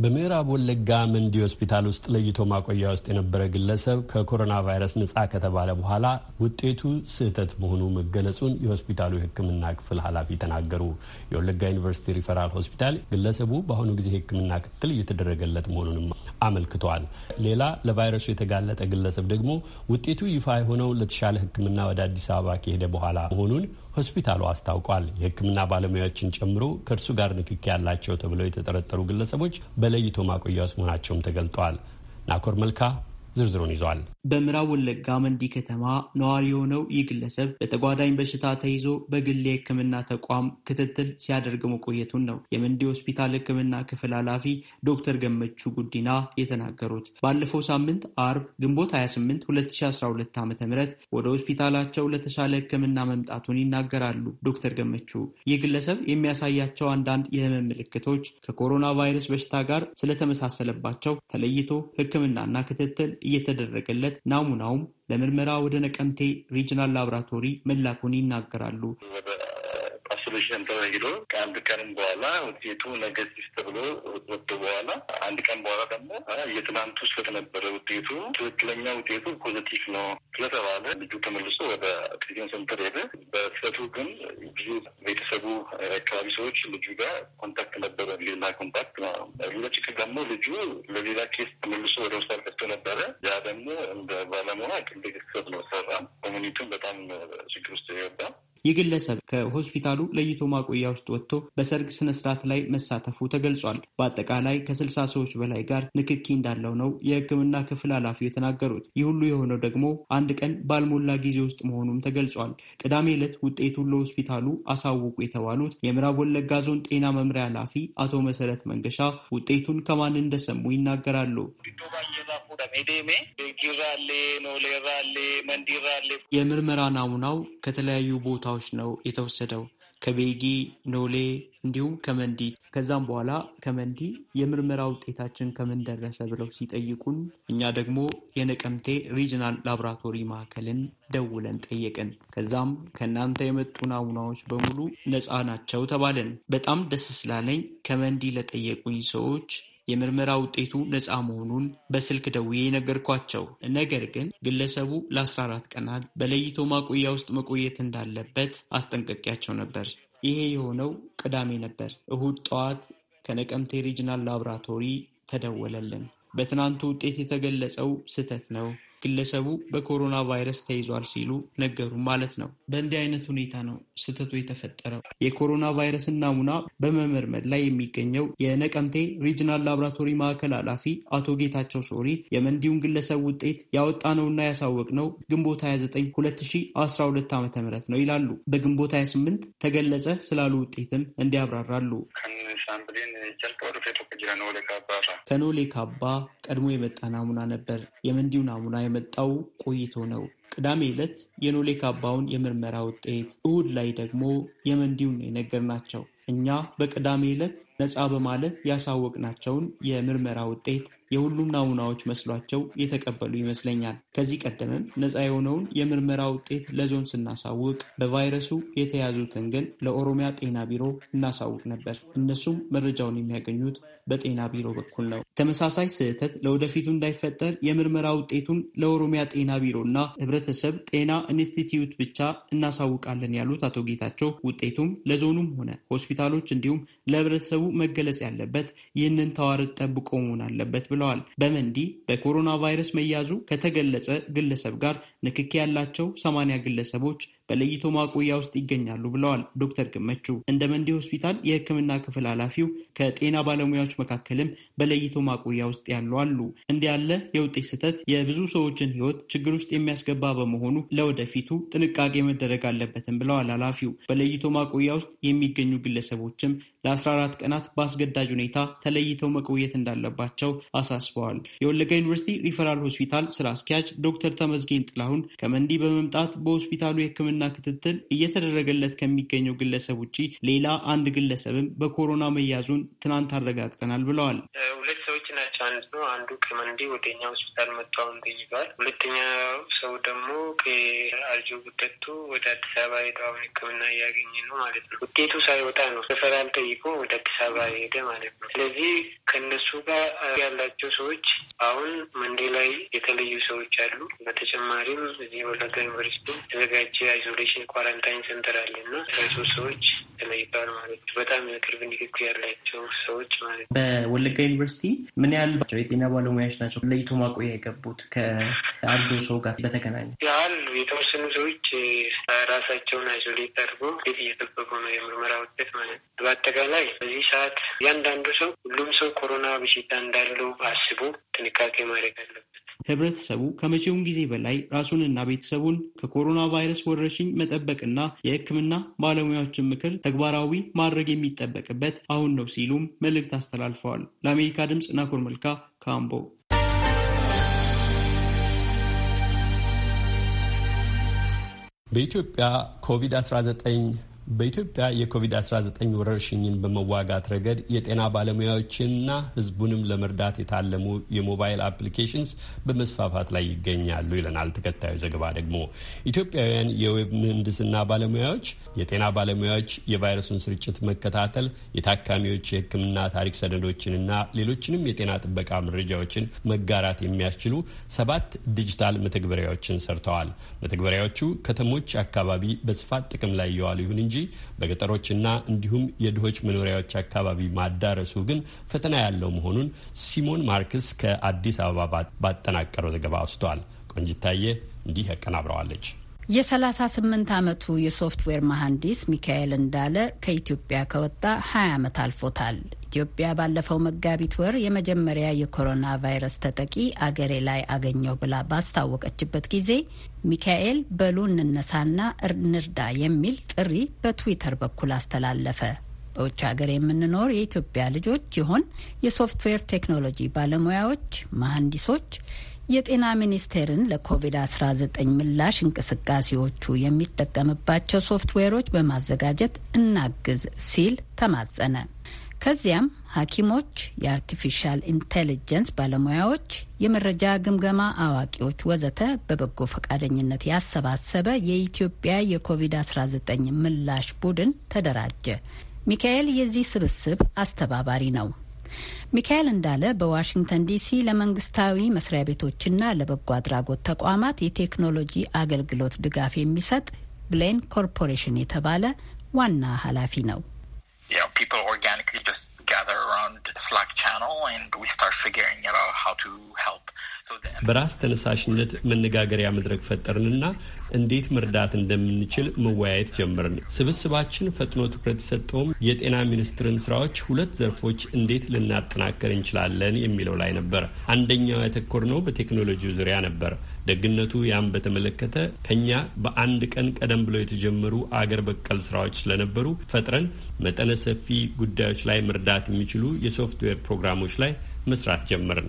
S1: በምዕራብ ወለጋ መንዲ ሆስፒታል ውስጥ ለይቶ ማቆያ ውስጥ የነበረ ግለሰብ ከኮሮና ቫይረስ ነፃ ከተባለ በኋላ ውጤቱ ስህተት መሆኑ መገለጹን የሆስፒታሉ የሕክምና ክፍል ኃላፊ ተናገሩ። የወለጋ ዩኒቨርሲቲ ሪፈራል ሆስፒታል ግለሰቡ በአሁኑ ጊዜ ሕክምና ክትትል እየተደረገለት መሆኑንም አመልክቷል። ሌላ ለቫይረሱ የተጋለጠ ግለሰብ ደግሞ ውጤቱ ይፋ የሆነው ለተሻለ ሕክምና ወደ አዲስ አበባ ከሄደ በኋላ መሆኑን ሆስፒታሉ አስታውቋል። የሕክምና ባለሙያዎችን ጨምሮ ከእርሱ ጋር ንክኪ ያላቸው ተብለው የተጠረጠሩ ግለሰቦች በለይቶ ማቆያ ውስጥ መሆናቸውም ተገልጠዋል። ናኮር መልካ ዝርዝሩን ይዟል።
S5: በምዕራብ ወለጋ መንዲ ከተማ ነዋሪ የሆነው ይህ ግለሰብ በተጓዳኝ በሽታ ተይዞ በግል የህክምና ተቋም ክትትል ሲያደርግ መቆየቱን ነው የመንዲ ሆስፒታል ሕክምና ክፍል ኃላፊ ዶክተር ገመቹ ጉዲና የተናገሩት። ባለፈው ሳምንት አርብ ግንቦት 28 2012 ዓ ም ወደ ሆስፒታላቸው ለተሻለ ሕክምና መምጣቱን ይናገራሉ ዶክተር ገመቹ። ይህ ግለሰብ የሚያሳያቸው አንዳንድ የህመም ምልክቶች ከኮሮና ቫይረስ በሽታ ጋር ስለተመሳሰለባቸው ተለይቶ ሕክምናና ክትትል እየተደረገለት ናሙናውም ለምርመራ ወደ ነቀምቴ ሪጅናል ላቦራቶሪ መላኩን ይናገራሉ። ሶሉሽን
S11: ተበሂሎ ከአንድ ቀን በኋላ ውጤቱ ነገቲቭ ተብሎ ወደ በኋላ አንድ ቀን በኋላ ደግሞ የትናንቱ ስለተነበረ ውጤቱ ትክክለኛ ውጤቱ
S3: ፖዘቲቭ ነው ስለተባለ ልጁ ተመልሶ ወደ ኦክሲጅን ሴንተር ሄደ። በስፈቱ ግን ብዙ ቤተሰቡ አካባቢ ሰዎች ልጁ ጋር ኮንታክት ነበረ፣ ሌላ ኮንታክት ነው። ሌላ ችግር ደግሞ ልጁ ለሌላ ኬስ ተመልሶ ወደ ውስጥ ገብቶ ነበረ። ያ ደግሞ እንደ ባለሙያ
S5: ትልቅ ክሰት ነው ሰራ። ኮሚኒቱን በጣም ችግር ውስጥ የገባ ይህ ግለሰብ ከሆስፒታሉ ለይቶ ማቆያ ውስጥ ወጥቶ በሰርግ ስነስርዓት ላይ መሳተፉ ተገልጿል። በአጠቃላይ ከስልሳ ሰዎች በላይ ጋር ንክኪ እንዳለው ነው የሕክምና ክፍል ኃላፊው የተናገሩት። ይህ ሁሉ የሆነው ደግሞ አንድ ቀን ባልሞላ ጊዜ ውስጥ መሆኑም ተገልጿል። ቅዳሜ ዕለት ውጤቱን ለሆስፒታሉ አሳውቁ የተባሉት የምዕራብ ወለጋ ዞን ጤና መምሪያ ኃላፊ አቶ መሰረት መንገሻ ውጤቱን ከማን እንደሰሙ ይናገራሉ። የምርመራ ናሙናው ከተለያዩ ቦታዎች ነው የተወሰደው ከቤጊ ኖሌ፣ እንዲሁም ከመንዲ። ከዛም በኋላ ከመንዲ የምርመራ ውጤታችን ከምን ደረሰ ብለው ሲጠይቁን እኛ ደግሞ የነቀምቴ ሪጅናል ላብራቶሪ ማዕከልን ደውለን ጠየቅን። ከዛም ከእናንተ የመጡ ናሙናዎች በሙሉ ነፃ ናቸው ተባለን። በጣም ደስ ስላለኝ ከመንዲ ለጠየቁኝ ሰዎች የምርመራ ውጤቱ ነፃ መሆኑን በስልክ ደውዬ ነገርኳቸው። ነገር ግን ግለሰቡ ለ14 ቀናት በለይቶ ማቆያ ውስጥ መቆየት እንዳለበት አስጠንቀቂያቸው ነበር። ይሄ የሆነው ቅዳሜ ነበር። እሁድ ጠዋት ከነቀምቴ ሪጅናል ላብራቶሪ ተደወለልን። በትናንቱ ውጤት የተገለጸው ስህተት ነው ግለሰቡ በኮሮና ቫይረስ ተይዟል ሲሉ ነገሩ ማለት ነው። በእንዲህ አይነት ሁኔታ ነው ስህተቱ የተፈጠረው። የኮሮና ቫይረስ ናሙና በመመርመር ላይ የሚገኘው የነቀምቴ ሪጅናል ላብራቶሪ ማዕከል ኃላፊ አቶ ጌታቸው ሶሪ የመንዲሁን ግለሰብ ውጤት ያወጣ ያወጣነውና ያሳወቅነው ግንቦት 29 2012 ዓ ም ነው ይላሉ። በግንቦት 28 ተገለጸ ስላሉ ውጤትም እንዲያብራራሉ። ከኖሌ ካባ ቀድሞ የመጣ ናሙና ነበር። የመንዲው ናሙና የመጣው ቆይቶ ነው። ቅዳሜ ዕለት የኖሌ ካባውን የምርመራ ውጤት፣ እሁድ ላይ ደግሞ የመንዲውን የነገር ናቸው። እኛ በቅዳሜ ዕለት ነፃ በማለት ያሳወቅናቸውን የምርመራ ውጤት የሁሉም ናሙናዎች መስሏቸው የተቀበሉ ይመስለኛል። ከዚህ ቀደምም ነፃ የሆነውን የምርመራ ውጤት ለዞን ስናሳውቅ፣ በቫይረሱ የተያዙትን ግን ለኦሮሚያ ጤና ቢሮ እናሳውቅ ነበር። እነሱም መረጃውን የሚያገኙት በጤና ቢሮ በኩል ነው። ተመሳሳይ ስህተት ለወደፊቱ እንዳይፈጠር የምርመራ ውጤቱን ለኦሮሚያ ጤና እና ሕብረተሰብ ጤና ኢንስቲትዩት ብቻ እናሳውቃለን ያሉት አቶ ጌታቸው ውጤቱም ለዞኑም ሆነ ሆስፒታሎች እንዲሁም ለሕብረተሰቡ መገለጽ ያለበት ይህንን ተዋረድ ጠብቆ መሆን አለበት ብለዋል። በመንዲ በኮሮና ቫይረስ መያዙ ከተገለጸ ግለሰብ ጋር ንክኪ ያላቸው ሰማንያ ግለሰቦች በለይቶ ማቆያ ውስጥ ይገኛሉ ብለዋል ዶክተር ግመቹ እንደ መንዴ ሆስፒታል የህክምና ክፍል ኃላፊው ከጤና ባለሙያዎች መካከልም በለይቶ ማቆያ ውስጥ ያሉ አሉ። እንዲህ ያለ የውጤት ስህተት የብዙ ሰዎችን ህይወት ችግር ውስጥ የሚያስገባ በመሆኑ ለወደፊቱ ጥንቃቄ መደረግ አለበትም ብለዋል ኃላፊው። በለይቶ ማቆያ ውስጥ የሚገኙ ግለሰቦችም ለ14 ቀናት በአስገዳጅ ሁኔታ ተለይተው መቆየት እንዳለባቸው አሳስበዋል። የወለጋ ዩኒቨርሲቲ ሪፈራል ሆስፒታል ስራ አስኪያጅ ዶክተር ተመዝጌን ጥላሁን ከመንዲ በመምጣት በሆስፒታሉ የህክምና ሕክምና ክትትል እየተደረገለት ከሚገኘው ግለሰብ ውጭ ሌላ አንድ ግለሰብም በኮሮና መያዙን ትናንት አረጋግጠናል ብለዋል።
S7: ሁለት ሰዎች ናቸው። አንድ ነው አንዱ ከመንዴ ወደኛ ሆስፒታል መጥቶ አሁን ተይዟል። ሰው ደግሞ ከአርጆ ጉደቱ ወደ አዲስ አበባ ሄደ። ህክምና ሕክምና እያገኘ ነው ማለት ነው። ውጤቱ ሳይወጣ ነው ሪፈራል ጠይቆ ወደ አዲስ አበባ ሄደ ማለት ነው። ስለዚህ ከእነሱ ጋር ያላቸው ሰዎች አሁን መንዴ ላይ የተለዩ ሰዎች አሉ። በተጨማሪም እዚህ ወለጋ ዩኒቨርሲቲ ተዘጋጀ አይሶ አይዞሌሽን ኳራንታይን ሰንተር አለ እና
S5: አስራ ሰዎች ተለይቷል ማለት ነው። በጣም የቅርብ ንክኪ ያላቸው ሰዎች ማለት ነው። በወለጋ ዩኒቨርሲቲ ምን ያህል የጤና ባለሙያዎች ናቸው ለይቶ ማቆያ የገቡት? ከአርጆ ሰው ጋር በተገናኘ ያህል የተወሰኑ ሰዎች ራሳቸውን አይዞሌት አድርጎ ቤት እየጠበቁ ነው የምርመራ ውጤት ማለት ነው። በአጠቃላይ በዚህ ሰዓት እያንዳንዱ ሰው ሁሉም ሰው ኮሮና በሽታ እንዳለው አስቦ ጥንቃቄ ማድረግ አለበት። ህብረተሰቡ ከመቼውም ጊዜ በላይ ራሱንና ቤተሰቡን ከኮሮና ቫይረስ ወረርሽኝ መጠበቅና የሕክምና ባለሙያዎችን ምክር ተግባራዊ ማድረግ የሚጠበቅበት አሁን ነው ሲሉም መልእክት አስተላልፈዋል። ለአሜሪካ ድምፅ ናኮር መልካ ካምቦ።
S1: በኢትዮጵያ ኮቪድ-19 በኢትዮጵያ የኮቪድ-19 ወረርሽኝን በመዋጋት ረገድ የጤና ባለሙያዎችንና ሕዝቡንም ለመርዳት የታለሙ የሞባይል አፕሊኬሽንስ በመስፋፋት ላይ ይገኛሉ ይለናል ተከታዩ ዘገባ ደግሞ። ኢትዮጵያውያን የዌብ ምህንድስና ባለሙያዎች የጤና ባለሙያዎች የቫይረሱን ስርጭት መከታተል፣ የታካሚዎች የሕክምና ታሪክ ሰነዶችንና ሌሎችንም የጤና ጥበቃ መረጃዎችን መጋራት የሚያስችሉ ሰባት ዲጂታል መተግበሪያዎችን ሰርተዋል። መተግበሪያዎቹ ከተሞች አካባቢ በስፋት ጥቅም ላይ የዋሉ ይሁን እንጂ በገጠሮችና እንዲሁም የድሆች መኖሪያዎች አካባቢ ማዳረሱ ግን ፈተና ያለው መሆኑን ሲሞን ማርክስ ከአዲስ አበባ ባጠናቀረው ዘገባ አውስተዋል። ቆንጅታየ እንዲህ ያቀናብረዋለች።
S4: የ38 ዓመቱ የሶፍትዌር መሐንዲስ ሚካኤል እንዳለ ከኢትዮጵያ ከወጣ 20 ዓመት አልፎታል። ኢትዮጵያ ባለፈው መጋቢት ወር የመጀመሪያ የኮሮና ቫይረስ ተጠቂ አገሬ ላይ አገኘው ብላ ባስታወቀችበት ጊዜ ሚካኤል በሉ እንነሳና እንርዳ የሚል ጥሪ በትዊተር በኩል አስተላለፈ። በውጭ ሀገር የምንኖር የኢትዮጵያ ልጆች ይሆን የሶፍትዌር ቴክኖሎጂ ባለሙያዎች፣ መሐንዲሶች የጤና ሚኒስቴርን ለኮቪድ-19 ምላሽ እንቅስቃሴዎቹ የሚጠቀምባቸው ሶፍትዌሮች በማዘጋጀት እናግዝ ሲል ተማጸነ። ከዚያም ሐኪሞች፣ የአርቲፊሻል ኢንቴሊጀንስ ባለሙያዎች፣ የመረጃ ግምገማ አዋቂዎች ወዘተ በበጎ ፈቃደኝነት ያሰባሰበ የኢትዮጵያ የኮቪድ-19 ምላሽ ቡድን ተደራጀ። ሚካኤል የዚህ ስብስብ አስተባባሪ ነው። ሚካኤል እንዳለ በዋሽንግተን ዲሲ ለመንግስታዊ መስሪያ ቤቶችና ለበጎ አድራጎት ተቋማት የቴክኖሎጂ አገልግሎት ድጋፍ የሚሰጥ ብሌን ኮርፖሬሽን የተባለ
S1: ዋና ኃላፊ ነው። በራስ ተነሳሽነት መነጋገሪያ መድረክ ፈጠርንና እንዴት መርዳት እንደምንችል መወያየት ጀምርን ስብስባችን ፈጥኖ ትኩረት የሰጠውም የጤና ሚኒስትርን ስራዎች ሁለት ዘርፎች እንዴት ልናጠናከር እንችላለን የሚለው ላይ ነበር። አንደኛው ያተኮርነው በቴክኖሎጂው ዙሪያ ነበር። ደግነቱ ያን በተመለከተ ከኛ በአንድ ቀን ቀደም ብለው የተጀመሩ አገር በቀል ስራዎች ስለነበሩ ፈጥረን መጠነ ሰፊ ጉዳዮች ላይ መርዳት የሚችሉ የሶፍትዌር ፕሮግራሞች ላይ መስራት ጀመርን።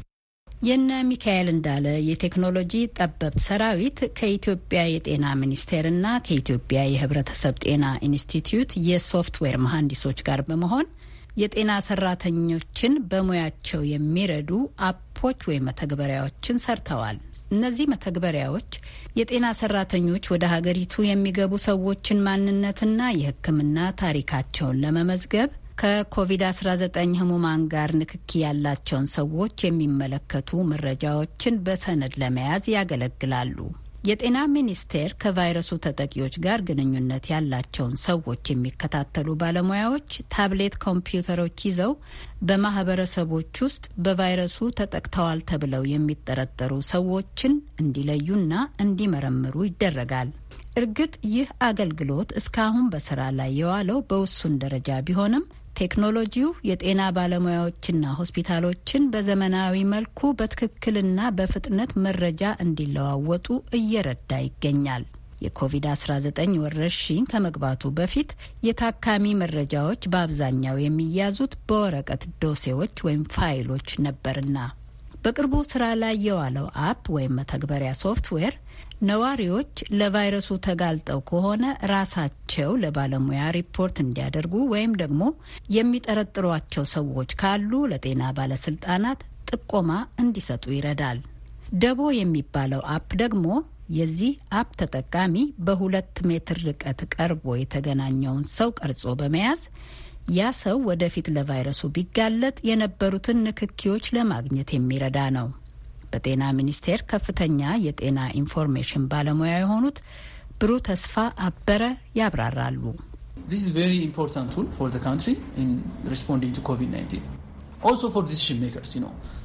S4: የነ ሚካኤል እንዳለ የቴክኖሎጂ ጠበብት ሰራዊት ከኢትዮጵያ የጤና ሚኒስቴርና ከኢትዮጵያ የሕብረተሰብ ጤና ኢንስቲትዩት የሶፍትዌር መሐንዲሶች ጋር በመሆን የጤና ሰራተኞችን በሙያቸው የሚረዱ አፖች ወይም መተግበሪያዎችን ሰርተዋል። እነዚህ መተግበሪያዎች የጤና ሰራተኞች ወደ ሀገሪቱ የሚገቡ ሰዎችን ማንነትና የሕክምና ታሪካቸውን ለመመዝገብ ከኮቪድ-19 ህሙማን ጋር ንክኪ ያላቸውን ሰዎች የሚመለከቱ መረጃዎችን በሰነድ ለመያዝ ያገለግላሉ። የጤና ሚኒስቴር ከቫይረሱ ተጠቂዎች ጋር ግንኙነት ያላቸውን ሰዎች የሚከታተሉ ባለሙያዎች ታብሌት ኮምፒውተሮች ይዘው በማህበረሰቦች ውስጥ በቫይረሱ ተጠቅተዋል ተብለው የሚጠረጠሩ ሰዎችን እንዲለዩና እንዲመረምሩ ይደረጋል። እርግጥ ይህ አገልግሎት እስካሁን በስራ ላይ የዋለው በውሱን ደረጃ ቢሆንም ቴክኖሎጂው የጤና ባለሙያዎችና ሆስፒታሎችን በዘመናዊ መልኩ በትክክልና በፍጥነት መረጃ እንዲለዋወጡ እየረዳ ይገኛል። የኮቪድ-19 ወረርሽኝ ከመግባቱ በፊት የታካሚ መረጃዎች በአብዛኛው የሚያዙት በወረቀት ዶሴዎች ወይም ፋይሎች ነበርና በቅርቡ ስራ ላይ የዋለው አፕ ወይም መተግበሪያ ሶፍትዌር ነዋሪዎች ለቫይረሱ ተጋልጠው ከሆነ ራሳቸው ለባለሙያ ሪፖርት እንዲያደርጉ ወይም ደግሞ የሚጠረጥሯቸው ሰዎች ካሉ ለጤና ባለስልጣናት ጥቆማ እንዲሰጡ ይረዳል። ደቦ የሚባለው አፕ ደግሞ የዚህ አፕ ተጠቃሚ በሁለት ሜትር ርቀት ቀርቦ የተገናኘውን ሰው ቀርጾ በመያዝ ያ ሰው ወደፊት ለቫይረሱ ቢጋለጥ የነበሩትን ንክኪዎች ለማግኘት የሚረዳ ነው። በጤና ሚኒስቴር ከፍተኛ የጤና ኢንፎርሜሽን ባለሙያ የሆኑት ብሩህ ተስፋ አበረ ያብራራሉ።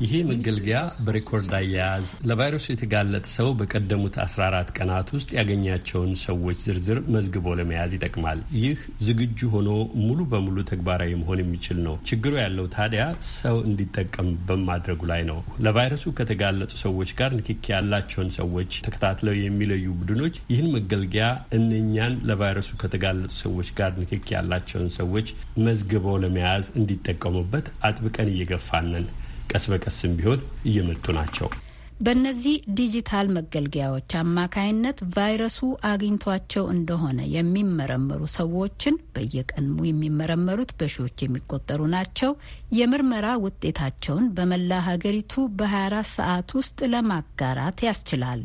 S1: ይሄ መገልገያ በሬኮርድ አያያዝ ለቫይረሱ የተጋለጠ ሰው በቀደሙት 14 ቀናት ውስጥ ያገኛቸውን ሰዎች ዝርዝር መዝግቦ ለመያዝ ይጠቅማል። ይህ ዝግጁ ሆኖ ሙሉ በሙሉ ተግባራዊ መሆን የሚችል ነው። ችግሩ ያለው ታዲያ ሰው እንዲጠቀም በማድረጉ ላይ ነው። ለቫይረሱ ከተጋለጡ ሰዎች ጋር ንክኪ ያላቸውን ሰዎች ተከታትለው የሚለዩ ቡድኖች ይህን መገልገያ እነኛን ለቫይረሱ ከተጋለጡ ሰዎች ጋር ንክኪ ያላቸውን ሰዎች መዝግበው ለመያዝ እንዲጠቀሙበት አጥብቀ ቀን እየገፋነን፣ ቀስ በቀስም ቢሆን እየመጡ ናቸው።
S4: በእነዚህ ዲጂታል መገልገያዎች አማካይነት ቫይረሱ አግኝቷቸው እንደሆነ የሚመረመሩ ሰዎችን በየቀኑ የሚመረመሩት በሺዎች የሚቆጠሩ ናቸው። የምርመራ ውጤታቸውን በመላ ሀገሪቱ በ24 ሰዓት ውስጥ ለማጋራት ያስችላል።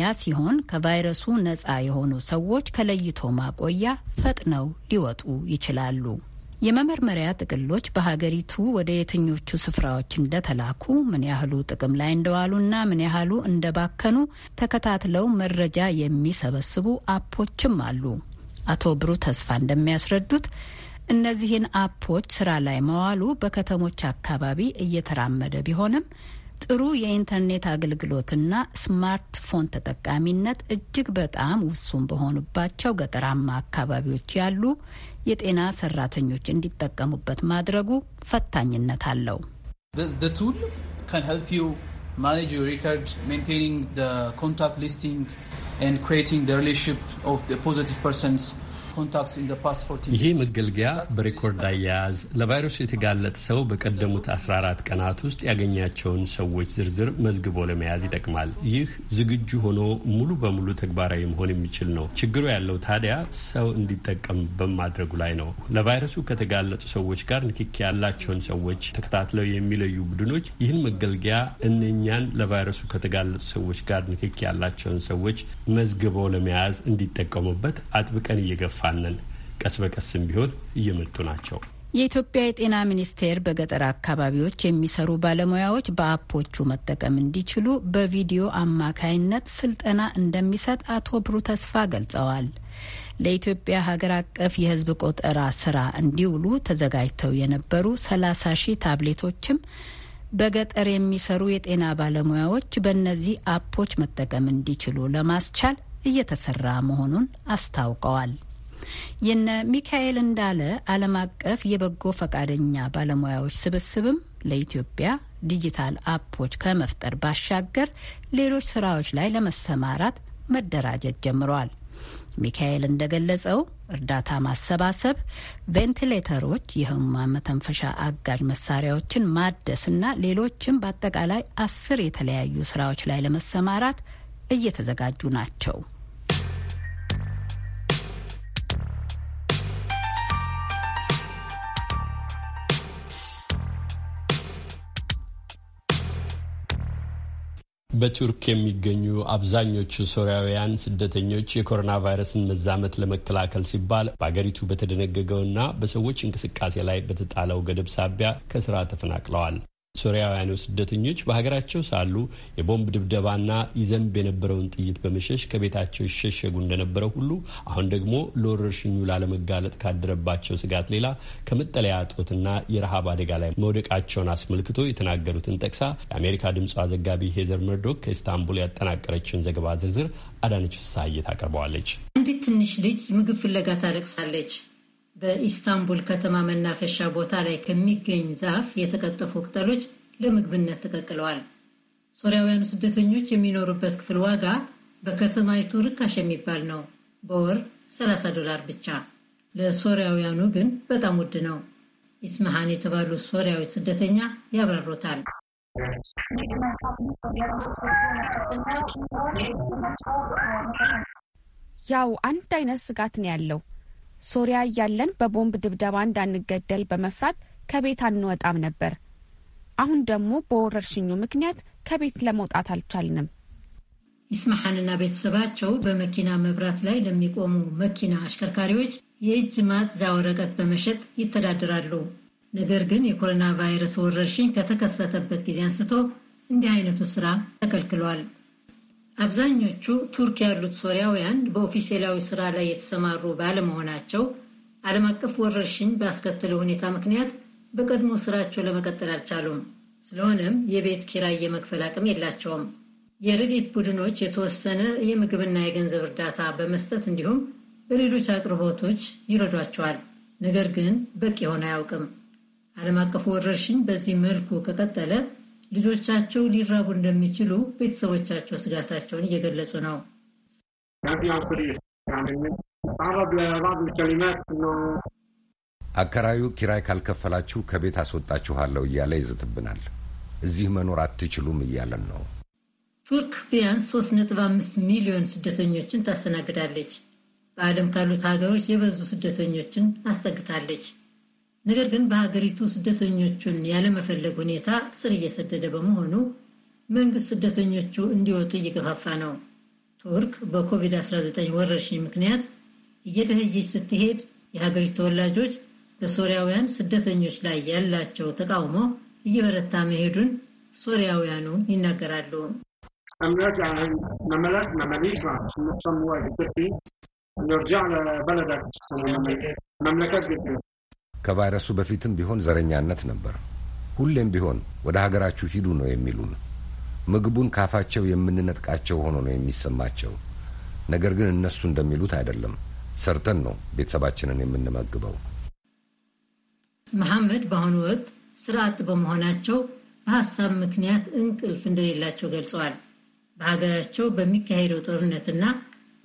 S4: ያ ሲሆን ከቫይረሱ ነጻ የሆኑ ሰዎች ከለይቶ ማቆያ ፈጥነው ሊወጡ ይችላሉ። የመመርመሪያ ጥቅሎች በሀገሪቱ ወደ የትኞቹ ስፍራዎች እንደተላኩ፣ ምን ያህሉ ጥቅም ላይ እንደዋሉና ምን ያህሉ እንደባከኑ ተከታትለው መረጃ የሚሰበስቡ አፖችም አሉ። አቶ ብሩ ተስፋ እንደሚያስረዱት እነዚህን አፖች ስራ ላይ መዋሉ በከተሞች አካባቢ እየተራመደ ቢሆንም ጥሩ የኢንተርኔት አገልግሎትና ስማርትፎን ተጠቃሚነት እጅግ በጣም ውሱን በሆኑባቸው ገጠራማ አካባቢዎች ያሉ የጤና ሰራተኞች እንዲጠቀሙበት ማድረጉ ፈታኝነት አለው።
S3: ይሄ
S1: መገልገያ በሬኮርድ አያያዝ ለቫይረሱ የተጋለጠ ሰው በቀደሙት 14 ቀናት ውስጥ ያገኛቸውን ሰዎች ዝርዝር መዝግቦ ለመያዝ ይጠቅማል። ይህ ዝግጁ ሆኖ ሙሉ በሙሉ ተግባራዊ መሆን የሚችል ነው። ችግሩ ያለው ታዲያ ሰው እንዲጠቀም በማድረጉ ላይ ነው። ለቫይረሱ ከተጋለጡ ሰዎች ጋር ንክኪ ያላቸውን ሰዎች ተከታትለው የሚለዩ ቡድኖች ይህን መገልገያ እነኛን ለቫይረሱ ከተጋለጡ ሰዎች ጋር ንክኪ ያላቸውን ሰዎች መዝግበው ለመያዝ እንዲጠቀሙበት አጥብቀን እየገፋ ተስፋለን። ቀስ በቀስም ቢሆን እየመጡ ናቸው።
S4: የኢትዮጵያ የጤና ሚኒስቴር በገጠር አካባቢዎች የሚሰሩ ባለሙያዎች በአፖቹ መጠቀም እንዲችሉ በቪዲዮ አማካይነት ስልጠና እንደሚሰጥ አቶ ብሩ ተስፋ ገልጸዋል። ለኢትዮጵያ ሀገር አቀፍ የሕዝብ ቆጠራ ስራ እንዲውሉ ተዘጋጅተው የነበሩ ሰላሳ ሺህ ታብሌቶችም በገጠር የሚሰሩ የጤና ባለሙያዎች በእነዚህ አፖች መጠቀም እንዲችሉ ለማስቻል እየተሰራ መሆኑን አስታውቀዋል። የነ ሚካኤል እንዳለ ዓለም አቀፍ የበጎ ፈቃደኛ ባለሙያዎች ስብስብም ለኢትዮጵያ ዲጂታል አፖች ከመፍጠር ባሻገር ሌሎች ስራዎች ላይ ለመሰማራት መደራጀት ጀምረዋል። ሚካኤል እንደገለጸው እርዳታ ማሰባሰብ፣ ቬንቲሌተሮች፣ የህሙማን መተንፈሻ አጋዥ መሳሪያዎችን ማደስና ሌሎችም በአጠቃላይ አስር የተለያዩ ስራዎች ላይ ለመሰማራት እየተዘጋጁ ናቸው።
S1: በቱርክ የሚገኙ አብዛኞቹ ሶሪያውያን ስደተኞች የኮሮና ቫይረስን መዛመት ለመከላከል ሲባል በአገሪቱ በተደነገገውና በሰዎች እንቅስቃሴ ላይ በተጣለው ገደብ ሳቢያ ከስራ ተፈናቅለዋል። ሶሪያውያኑ ስደተኞች በሀገራቸው ሳሉ የቦምብ ድብደባና ይዘንብ የነበረውን ጥይት በመሸሽ ከቤታቸው ይሸሸጉ እንደነበረው ሁሉ አሁን ደግሞ ለወረርሽኙ ላለመጋለጥ ካደረባቸው ስጋት ሌላ ከመጠለያ እጦትና የረሃብ አደጋ ላይ መውደቃቸውን አስመልክቶ የተናገሩትን ጠቅሳ የአሜሪካ ድምጽ ዘጋቢ ሄዘር መርዶክ ከኢስታንቡል ያጠናቀረችውን ዘገባ ዝርዝር አዳነች ፍስሀዬ ታቀርበዋለች።
S9: አንዲት ትንሽ ልጅ ምግብ ፍለጋ ታለቅሳለች። በኢስታንቡል ከተማ መናፈሻ ቦታ ላይ ከሚገኝ ዛፍ የተቀጠፉ ቅጠሎች ለምግብነት ተቀቅለዋል። ሶሪያውያኑ ስደተኞች የሚኖሩበት ክፍል ዋጋ በከተማይቱ ርካሽ የሚባል ነው፣ በወር 30 ዶላር ብቻ። ለሶሪያውያኑ ግን በጣም ውድ ነው። ኢስመሃን የተባሉ ሶሪያዊ ስደተኛ ያብራሩታል።
S12: ያው አንድ አይነት ስጋት ነው ያለው ሶሪያ እያለን በቦምብ ድብደባ እንዳንገደል በመፍራት ከቤት አንወጣም ነበር። አሁን ደግሞ
S9: በወረርሽኙ ምክንያት ከቤት ለመውጣት አልቻልንም። ይስማሐንና ቤተሰባቸው በመኪና መብራት ላይ ለሚቆሙ መኪና አሽከርካሪዎች የእጅ ማጽጃ ወረቀት በመሸጥ ይተዳደራሉ። ነገር ግን የኮሮና ቫይረስ ወረርሽኝ ከተከሰተበት ጊዜ አንስቶ እንዲህ አይነቱ ስራ ተከልክሏል። አብዛኞቹ ቱርክ ያሉት ሶሪያውያን በኦፊሴላዊ ስራ ላይ የተሰማሩ ባለመሆናቸው ዓለም አቀፍ ወረርሽኝ ባስከተለው ሁኔታ ምክንያት በቀድሞ ስራቸው ለመቀጠል አልቻሉም። ስለሆነም የቤት ኪራይ የመክፈል አቅም የላቸውም። የረድኤት ቡድኖች የተወሰነ የምግብና የገንዘብ እርዳታ በመስጠት እንዲሁም በሌሎች አቅርቦቶች ይረዷቸዋል። ነገር ግን በቂ ሆነ አያውቅም። ዓለም አቀፉ ወረርሽኝ በዚህ መልኩ ከቀጠለ ልጆቻቸው ሊራቡ እንደሚችሉ ቤተሰቦቻቸው ስጋታቸውን እየገለጹ ነው።
S11: አከራዩ ኪራይ ካልከፈላችሁ ከቤት አስወጣችኋለሁ እያለ ይዘትብናል። እዚህ መኖር አትችሉም እያለን ነው።
S9: ቱርክ ቢያንስ 3.5 ሚሊዮን ስደተኞችን ታስተናግዳለች። በዓለም ካሉት ሀገሮች የበዙ ስደተኞችን አስጠግታለች። ነገር ግን በሀገሪቱ ስደተኞቹን ያለመፈለግ ሁኔታ ስር እየሰደደ በመሆኑ መንግስት ስደተኞቹ እንዲወጡ እየገፋፋ ነው። ቱርክ በኮቪድ-19 ወረርሽኝ ምክንያት እየደህየች ስትሄድ የሀገሪቱ ተወላጆች በሶሪያውያን ስደተኞች ላይ ያላቸው ተቃውሞ እየበረታ መሄዱን ሶሪያውያኑ ይናገራሉ።
S11: ከቫይረሱ በፊትም ቢሆን ዘረኛነት ነበር። ሁሌም ቢሆን ወደ ሀገራችሁ ሂዱ ነው የሚሉን። ምግቡን ካፋቸው የምንነጥቃቸው ሆኖ ነው የሚሰማቸው። ነገር ግን እነሱ እንደሚሉት አይደለም። ሰርተን ነው ቤተሰባችንን የምንመግበው።
S9: መሐመድ በአሁኑ ወቅት ስራ አጥ በመሆናቸው በሀሳብ ምክንያት እንቅልፍ እንደሌላቸው ገልጸዋል። በሀገራቸው በሚካሄደው ጦርነትና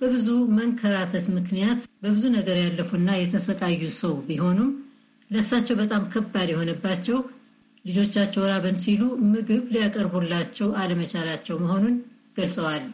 S9: በብዙ መንከራተት ምክንያት በብዙ ነገር ያለፉና የተሰቃዩ ሰው ቢሆኑም ለእሳቸው በጣም ከባድ የሆነባቸው ልጆቻቸው ራበን ሲሉ ምግብ ሊያቀርቡላቸው አለመቻላቸው መሆኑን ገልጸዋል።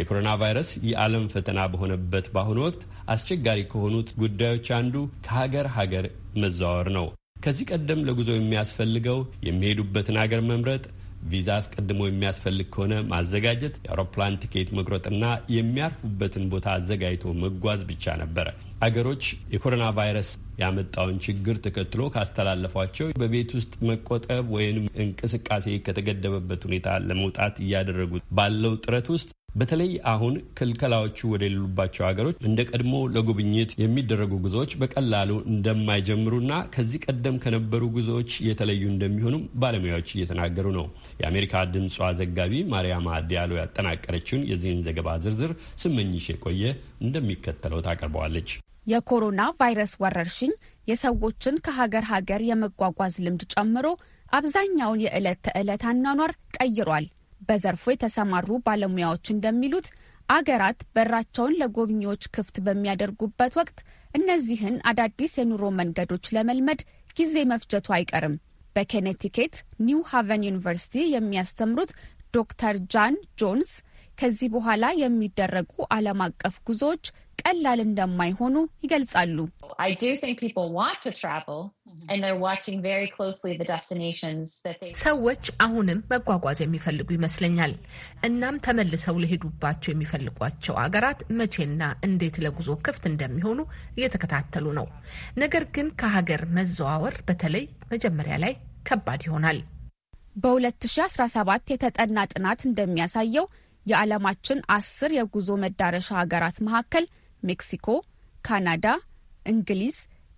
S1: የኮሮና ቫይረስ የዓለም ፈተና በሆነበት በአሁኑ ወቅት አስቸጋሪ ከሆኑት ጉዳዮች አንዱ ከሀገር ሀገር መዘዋወር ነው። ከዚህ ቀደም ለጉዞ የሚያስፈልገው የሚሄዱበትን ሀገር መምረጥ ቪዛ አስቀድሞ የሚያስፈልግ ከሆነ ማዘጋጀት፣ የአውሮፕላን ቲኬት መቁረጥና የሚያርፉበትን ቦታ አዘጋጅቶ መጓዝ ብቻ ነበረ። አገሮች የኮሮና ቫይረስ ያመጣውን ችግር ተከትሎ ካስተላለፏቸው በቤት ውስጥ መቆጠብ ወይም እንቅስቃሴ ከተገደበበት ሁኔታ ለመውጣት እያደረጉት ባለው ጥረት ውስጥ በተለይ አሁን ክልከላዎቹ ወደሌሉባቸው ሀገሮች እንደ ቀድሞ ለጉብኝት የሚደረጉ ጉዞዎች በቀላሉ እንደማይጀምሩና ከዚህ ቀደም ከነበሩ ጉዞዎች የተለዩ እንደሚሆኑም ባለሙያዎች እየተናገሩ ነው። የአሜሪካ ድምጿ ዘጋቢ ማርያማ ዲያሎ ያጠናቀረችውን የዚህን ዘገባ ዝርዝር ስመኝሽ የቆየ እንደሚከተለው ታቀርበዋለች።
S12: የኮሮና ቫይረስ ወረርሽኝ የሰዎችን ከሀገር ሀገር የመጓጓዝ ልምድ ጨምሮ አብዛኛውን የዕለት ተዕለት አኗኗር ቀይሯል። በዘርፉ የተሰማሩ ባለሙያዎች እንደሚሉት አገራት በራቸውን ለጎብኚዎች ክፍት በሚያደርጉበት ወቅት እነዚህን አዳዲስ የኑሮ መንገዶች ለመልመድ ጊዜ መፍጀቱ አይቀርም። በኬኔቲኬት ኒው ሃቨን ዩኒቨርሲቲ የሚያስተምሩት ዶክተር ጃን ጆንስ ከዚህ በኋላ የሚደረጉ ዓለም አቀፍ ጉዞዎች ቀላል እንደማይሆኑ ይገልጻሉ።
S10: ሰዎች አሁንም መጓጓዝ የሚፈልጉ ይመስለኛል። እናም ተመልሰው ለሄዱባቸው የሚፈልጓቸው አገራት መቼና እንዴት ለጉዞ ክፍት እንደሚሆኑ እየተከታተሉ ነው። ነገር ግን ከሀገር መዘዋወር በተለይ መጀመሪያ ላይ ከባድ ይሆናል።
S12: በ2017 የተጠና ጥናት እንደሚያሳየው የዓለማችን አስር የጉዞ መዳረሻ ሀገራት መካከል ሜክሲኮ፣ ካናዳ፣ እንግሊዝ፣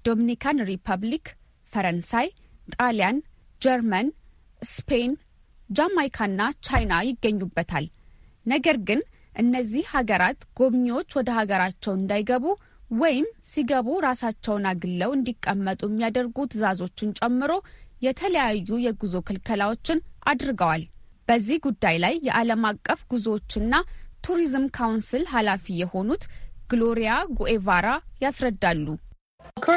S12: ዶሚኒካን ሪፐብሊክ፣ ፈረንሳይ፣ ጣሊያን፣ ጀርመን፣ ስፔን፣ ጃማይካና ቻይና ይገኙበታል። ነገር ግን እነዚህ ሀገራት ጎብኚዎች ወደ ሀገራቸው እንዳይገቡ ወይም ሲገቡ ራሳቸውን አግለው እንዲቀመጡ የሚያደርጉ ትዕዛዞችን ጨምሮ የተለያዩ የጉዞ ክልከላዎችን አድርገዋል። በዚህ ጉዳይ ላይ የዓለም አቀፍ ጉዞዎችና ቱሪዝም ካውንስል ኃላፊ የሆኑት ግሎሪያ ጉኤቫራ ያስረዳሉ። um, uh,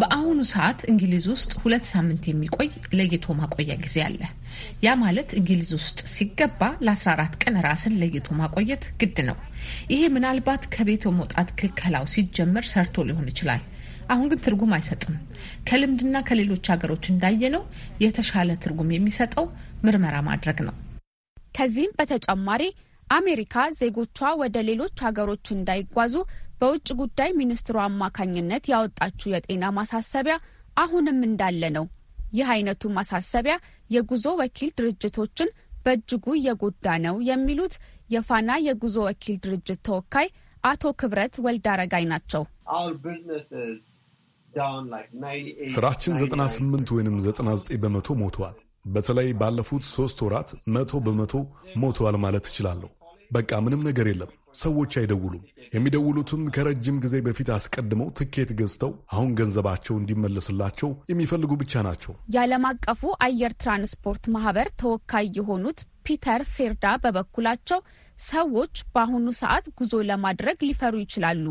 S10: በአሁኑ ሰዓት እንግሊዝ ውስጥ ሁለት ሳምንት የሚቆይ ለይቶ ማቆያ ጊዜ አለ። ያ ማለት እንግሊዝ ውስጥ ሲገባ ለ14 ቀን ራስን ለይቶ ማቆየት ግድ ነው። ይሄ ምናልባት ከቤት መውጣት ክልከላው ሲጀመር ሰርቶ ሊሆን ይችላል። አሁን ግን ትርጉም አይሰጥም። ከልምድና ከሌሎች ሀገሮች እንዳየነው የተሻለ ትርጉም የሚሰጠው ምርመራ ማድረግ ነው።
S12: ከዚህም በተጨማሪ አሜሪካ ዜጎቿ ወደ ሌሎች ሀገሮች እንዳይጓዙ በውጭ ጉዳይ ሚኒስትሩ አማካኝነት ያወጣችው የጤና ማሳሰቢያ አሁንም እንዳለ ነው። ይህ አይነቱ ማሳሰቢያ የጉዞ ወኪል ድርጅቶችን በእጅጉ እየጎዳ ነው የሚሉት የፋና የጉዞ ወኪል ድርጅት ተወካይ አቶ ክብረት ወልዳረጋይ ናቸው።
S1: ስራችን 98
S6: ወይም 99 በመቶ ሞተዋል በተለይ ባለፉት ሶስት ወራት መቶ በመቶ ሞተዋል ማለት እችላለሁ። በቃ ምንም ነገር የለም። ሰዎች አይደውሉም። የሚደውሉትም ከረጅም ጊዜ በፊት አስቀድመው ትኬት ገዝተው አሁን ገንዘባቸው እንዲመለስላቸው የሚፈልጉ ብቻ ናቸው።
S12: የዓለም አቀፉ አየር ትራንስፖርት ማህበር ተወካይ የሆኑት ፒተር ሴርዳ በበኩላቸው ሰዎች በአሁኑ ሰዓት ጉዞ ለማድረግ ሊፈሩ ይችላሉ።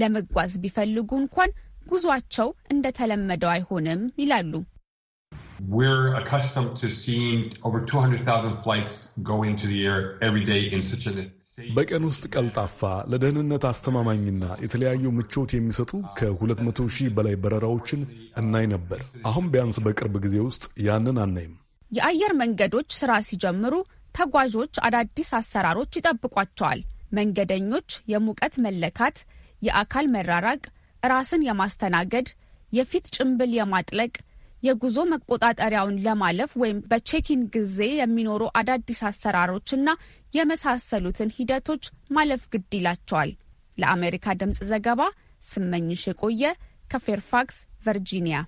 S12: ለመጓዝ ቢፈልጉ እንኳን ጉዟቸው እንደተለመደው አይሆንም ይላሉ።
S6: በቀን ውስጥ ቀልጣፋ ለደህንነት አስተማማኝና የተለያዩ ምቾት የሚሰጡ ከ200 ሺህ በላይ በረራዎችን እናይ ነበር። አሁን ቢያንስ በቅርብ ጊዜ ውስጥ ያንን አናይም።
S12: የአየር መንገዶች ስራ ሲጀምሩ ተጓዦች አዳዲስ አሰራሮች ይጠብቋቸዋል። መንገደኞች የሙቀት መለካት፣ የአካል መራራቅ ራስን የማስተናገድ የፊት ጭንብል የማጥለቅ የጉዞ መቆጣጠሪያውን ለማለፍ ወይም በቼኪን ጊዜ የሚኖሩ አዳዲስ አሰራሮችና የመሳሰሉትን ሂደቶች ማለፍ ግድ ይላቸዋል። ለአሜሪካ ድምፅ ዘገባ ስመኝሽ የቆየ ከፌርፋክስ ቨርጂኒያ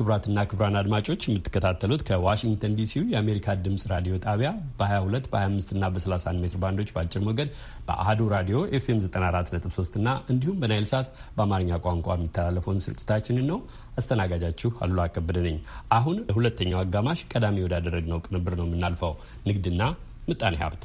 S1: ክቡራትና ክቡራን አድማጮች የምትከታተሉት ከዋሽንግተን ዲሲው የአሜሪካ ድምጽ ራዲዮ ጣቢያ በ22 በ25 እና በ31 ሜትር ባንዶች በአጭር ሞገድ በአህዱ ራዲዮ ኤፍኤም 943 እና እንዲሁም በናይል ሳት በአማርኛ ቋንቋ የሚተላለፈውን ስርጭታችንን ነው። አስተናጋጃችሁ አሉላ ከበደ ነኝ። አሁን ለሁለተኛው አጋማሽ ቀዳሚ ወዳደረግነው ቅንብር ነው የምናልፈው፣ ንግድና ምጣኔ ሀብት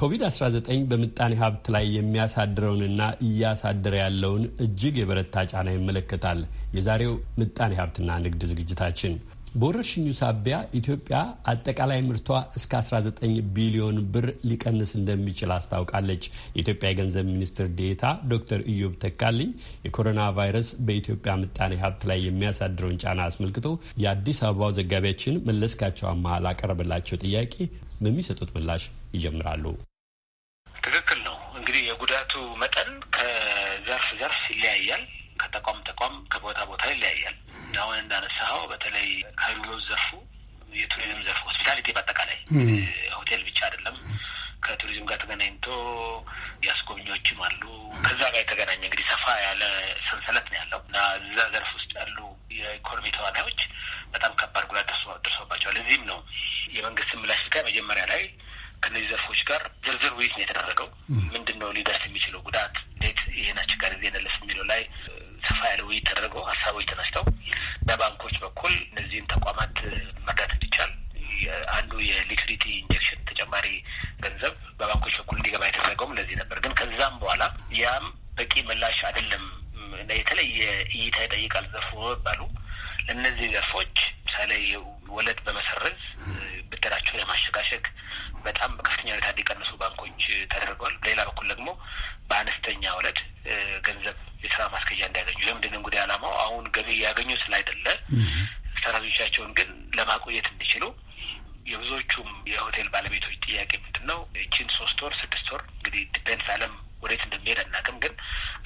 S1: ኮቪድ-19 በምጣኔ ሀብት ላይ የሚያሳድረውንና እያሳደረ ያለውን እጅግ የበረታ ጫና ይመለከታል የዛሬው ምጣኔ ሀብትና ንግድ ዝግጅታችን። በወረርሽኙ ሳቢያ ኢትዮጵያ አጠቃላይ ምርቷ እስከ 19 ቢሊዮን ብር ሊቀንስ እንደሚችል አስታውቃለች። የኢትዮጵያ የገንዘብ ሚኒስትር ዴታ ዶክተር ኢዮብ ተካልኝ የኮሮና ቫይረስ በኢትዮጵያ ምጣኔ ሀብት ላይ የሚያሳድረውን ጫና አስመልክቶ የአዲስ አበባው ዘጋቢያችን መለስካቸው አመሃል አቀረበላቸው ጥያቄ በሚሰጡት ምላሽ ይጀምራሉ። ትክክል
S7: ነው። እንግዲህ የጉዳቱ መጠን ከዘርፍ ዘርፍ ይለያያል። ከተቋም ተቋም ከቦታ ቦታ ይለያያል። አሁን እንዳነሳኸው በተለይ አገልግሎት
S3: ዘርፉ የቱሪዝም ዘርፍ ሆስፒታሊቲ፣ በአጠቃላይ ሆቴል ብቻ አይደለም። ከቱሪዝም ጋር ተገናኝቶ ያስጎብኚዎችም አሉ። ከዛ ጋር የተገናኘ እንግዲህ ሰፋ ያለ ሰንሰለት ነው ያለው እና እዛ ዘርፍ ውስጥ
S7: ያሉ የኢኮኖሚ ተዋናዮች በጣም ከባድ ጉዳት ደርሶባቸዋል። እዚህም ነው የመንግስት ምላሽ መጀመሪያ ላይ ከነዚህ ዘርፎች ጋር ዝርዝር ውይይት ነው የተደረገው። ምንድን ነው ሊደርስ የሚችለው ጉዳት፣ እንዴት ይህን አስቸጋሪ ጊዜ ነለስ የሚለው ላይ ሰፋ ያለ ውይይት ተደርገው ሀሳቦች ተነስተው በባንኮች በኩል እነዚህን ተቋማት መርዳት እንዲቻል አንዱ የሊክዊዲቲ ኢንጀክሽን ተጨማሪ ገንዘብ በባንኮች በኩል እንዲገባ የተደረገውም ለዚህ ነበር። ግን ከዛም በኋላ ያም በቂ ምላሽ አይደለም የተለየ እይታ ይጠይቃል ዘርፉ ባሉ እነዚህ ዘርፎች ምሳሌ ወለድ በመሰረዝ ብድራቸውን የማሸጋሸግ በጣም በከፍተኛ ሁኔታ እንዲቀንሱ ባንኮች ተደርገዋል። በሌላ በኩል ደግሞ በአነስተኛ ወለድ ገንዘብ የስራ ማስኬጃ እንዲያገኙ ለምንድን እንግዲህ አላማው አሁን ገቢ እያገኙ ስላይደለ ሰራተኞቻቸውን ግን ለማቆየት እንዲችሉ የብዙዎቹም የሆቴል ባለቤቶች ጥያቄ ምንድን ነው? ሶስት ወር ስድስት ወር እንግዲህ ዲፔንስ አለም ወዴት እንደሚሄድ አናውቅም፣ ግን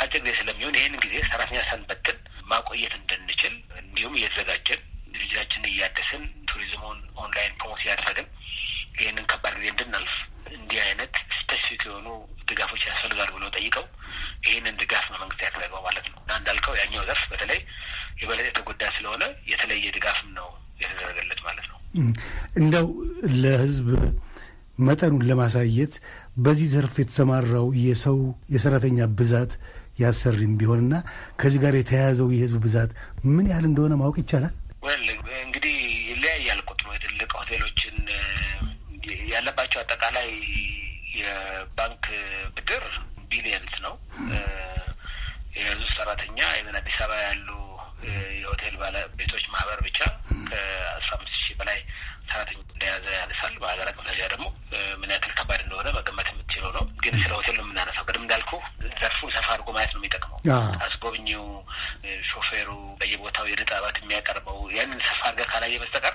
S7: አጭር ጊዜ ስለሚሆን ይህን ጊዜ ሰራተኛ ሰንበትን ማቆየት እንድንችል እንዲሁም እየተዘጋጀን ድርጅታችን እያደስን ቱሪዝሙን ኦንላይን ፕሮሞት እያደረግን ይህንን ከባድ ጊዜ እንድናልፍ እንዲህ አይነት ስፔሲፊክ የሆኑ ድጋፎች ያስፈልጋሉ ብሎ ጠይቀው ይህንን ድጋፍ ነው መንግስት ያደረገው ማለት ነው እና እንዳልከው ያኛው ዘርፍ በተለይ የበለጠ የተጎዳ ስለሆነ የተለየ ድጋፍም ነው የተደረገለት
S6: ማለት ነው። እንደው ለህዝብ መጠኑን ለማሳየት በዚህ ዘርፍ የተሰማራው የሰው የሰራተኛ ብዛት ያሰሪም ቢሆንና ከዚህ ጋር የተያያዘው የህዝብ ብዛት ምን ያህል እንደሆነ ማወቅ ይቻላል?
S7: ወል እንግዲህ ይለያያል ቁጥሩ የትልቅ ሆቴሎችን ያለባቸው አጠቃላይ የባንክ ብድር ቢሊየንስ ነው። የብዙ ሰራተኛ የምን አዲስ አበባ ያሉ የሆቴል ባለቤቶች ማህበር ብቻ ከአስራ አምስት ሺህ በላይ ሰራተኛ እንደያዘ ያነሳል። በሀገር አቀፍ ደረጃ ደግሞ
S2: ምን ያክል ከባድ እንደሆነ መገመት ችሎ ነው። ግን ስለ ሆቴል ነው የምናነሳው። ቅድም እንዳልኩ ዘርፉ ሰፋ አድርጎ ማየት ነው የሚጠቅመው። አስጎብኚው፣ ሾፌሩ፣ በየቦታው የልጣባት የሚያቀርበው
S7: ያንን ሰፋ አድርገህ ካላየ በስተቀር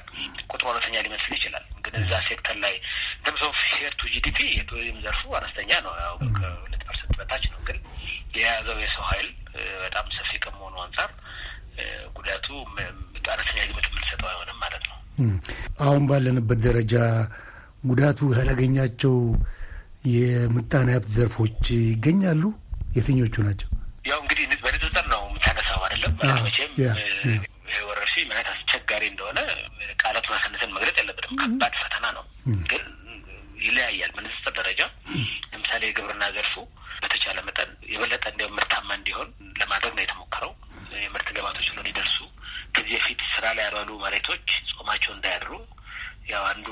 S7: ቁጥሩ አነስተኛ ሊመስል ይችላል። ግን እዛ ሴክተር ላይ እንደምሰው ሼር ቱ ጂዲፒ የቱሪዝም ዘርፉ አነስተኛ ነው፣ ያው ከሁለት ፐርሰንት በታች ነው። ግን የያዘው የሰው ኃይል በጣም ሰፊ ከመሆኑ አንጻር ጉዳቱ አነስተኛ ግምት የምንሰጠው አይሆንም
S6: ማለት ነው። አሁን ባለንበት ደረጃ ጉዳቱ ያላገኛቸው የምጣኔ ሀብት ዘርፎች ይገኛሉ? የትኞቹ ናቸው? ያው እንግዲህ በንጽጽር ነው የምታነሳው አይደለም።
S7: ወረርሽኝ ምን አስቸጋሪ እንደሆነ ቃላት ማሳነስን መግለጽ ያለበትም ከባድ ፈተና ነው። ግን ይለያያል። በንጽጽር ደረጃ ለምሳሌ የግብርና ዘርፉ በተቻለ መጠን የበለጠ እንዲያውም ምርታማ እንዲሆን ለማድረግ ነው የተሞከረው። የምርት ገባቶች ሎ እንዲደርሱ ከዚህ በፊት ስራ ላይ ያልዋሉ መሬቶች ጾማቸው እንዳያድሩ ያው አንዱ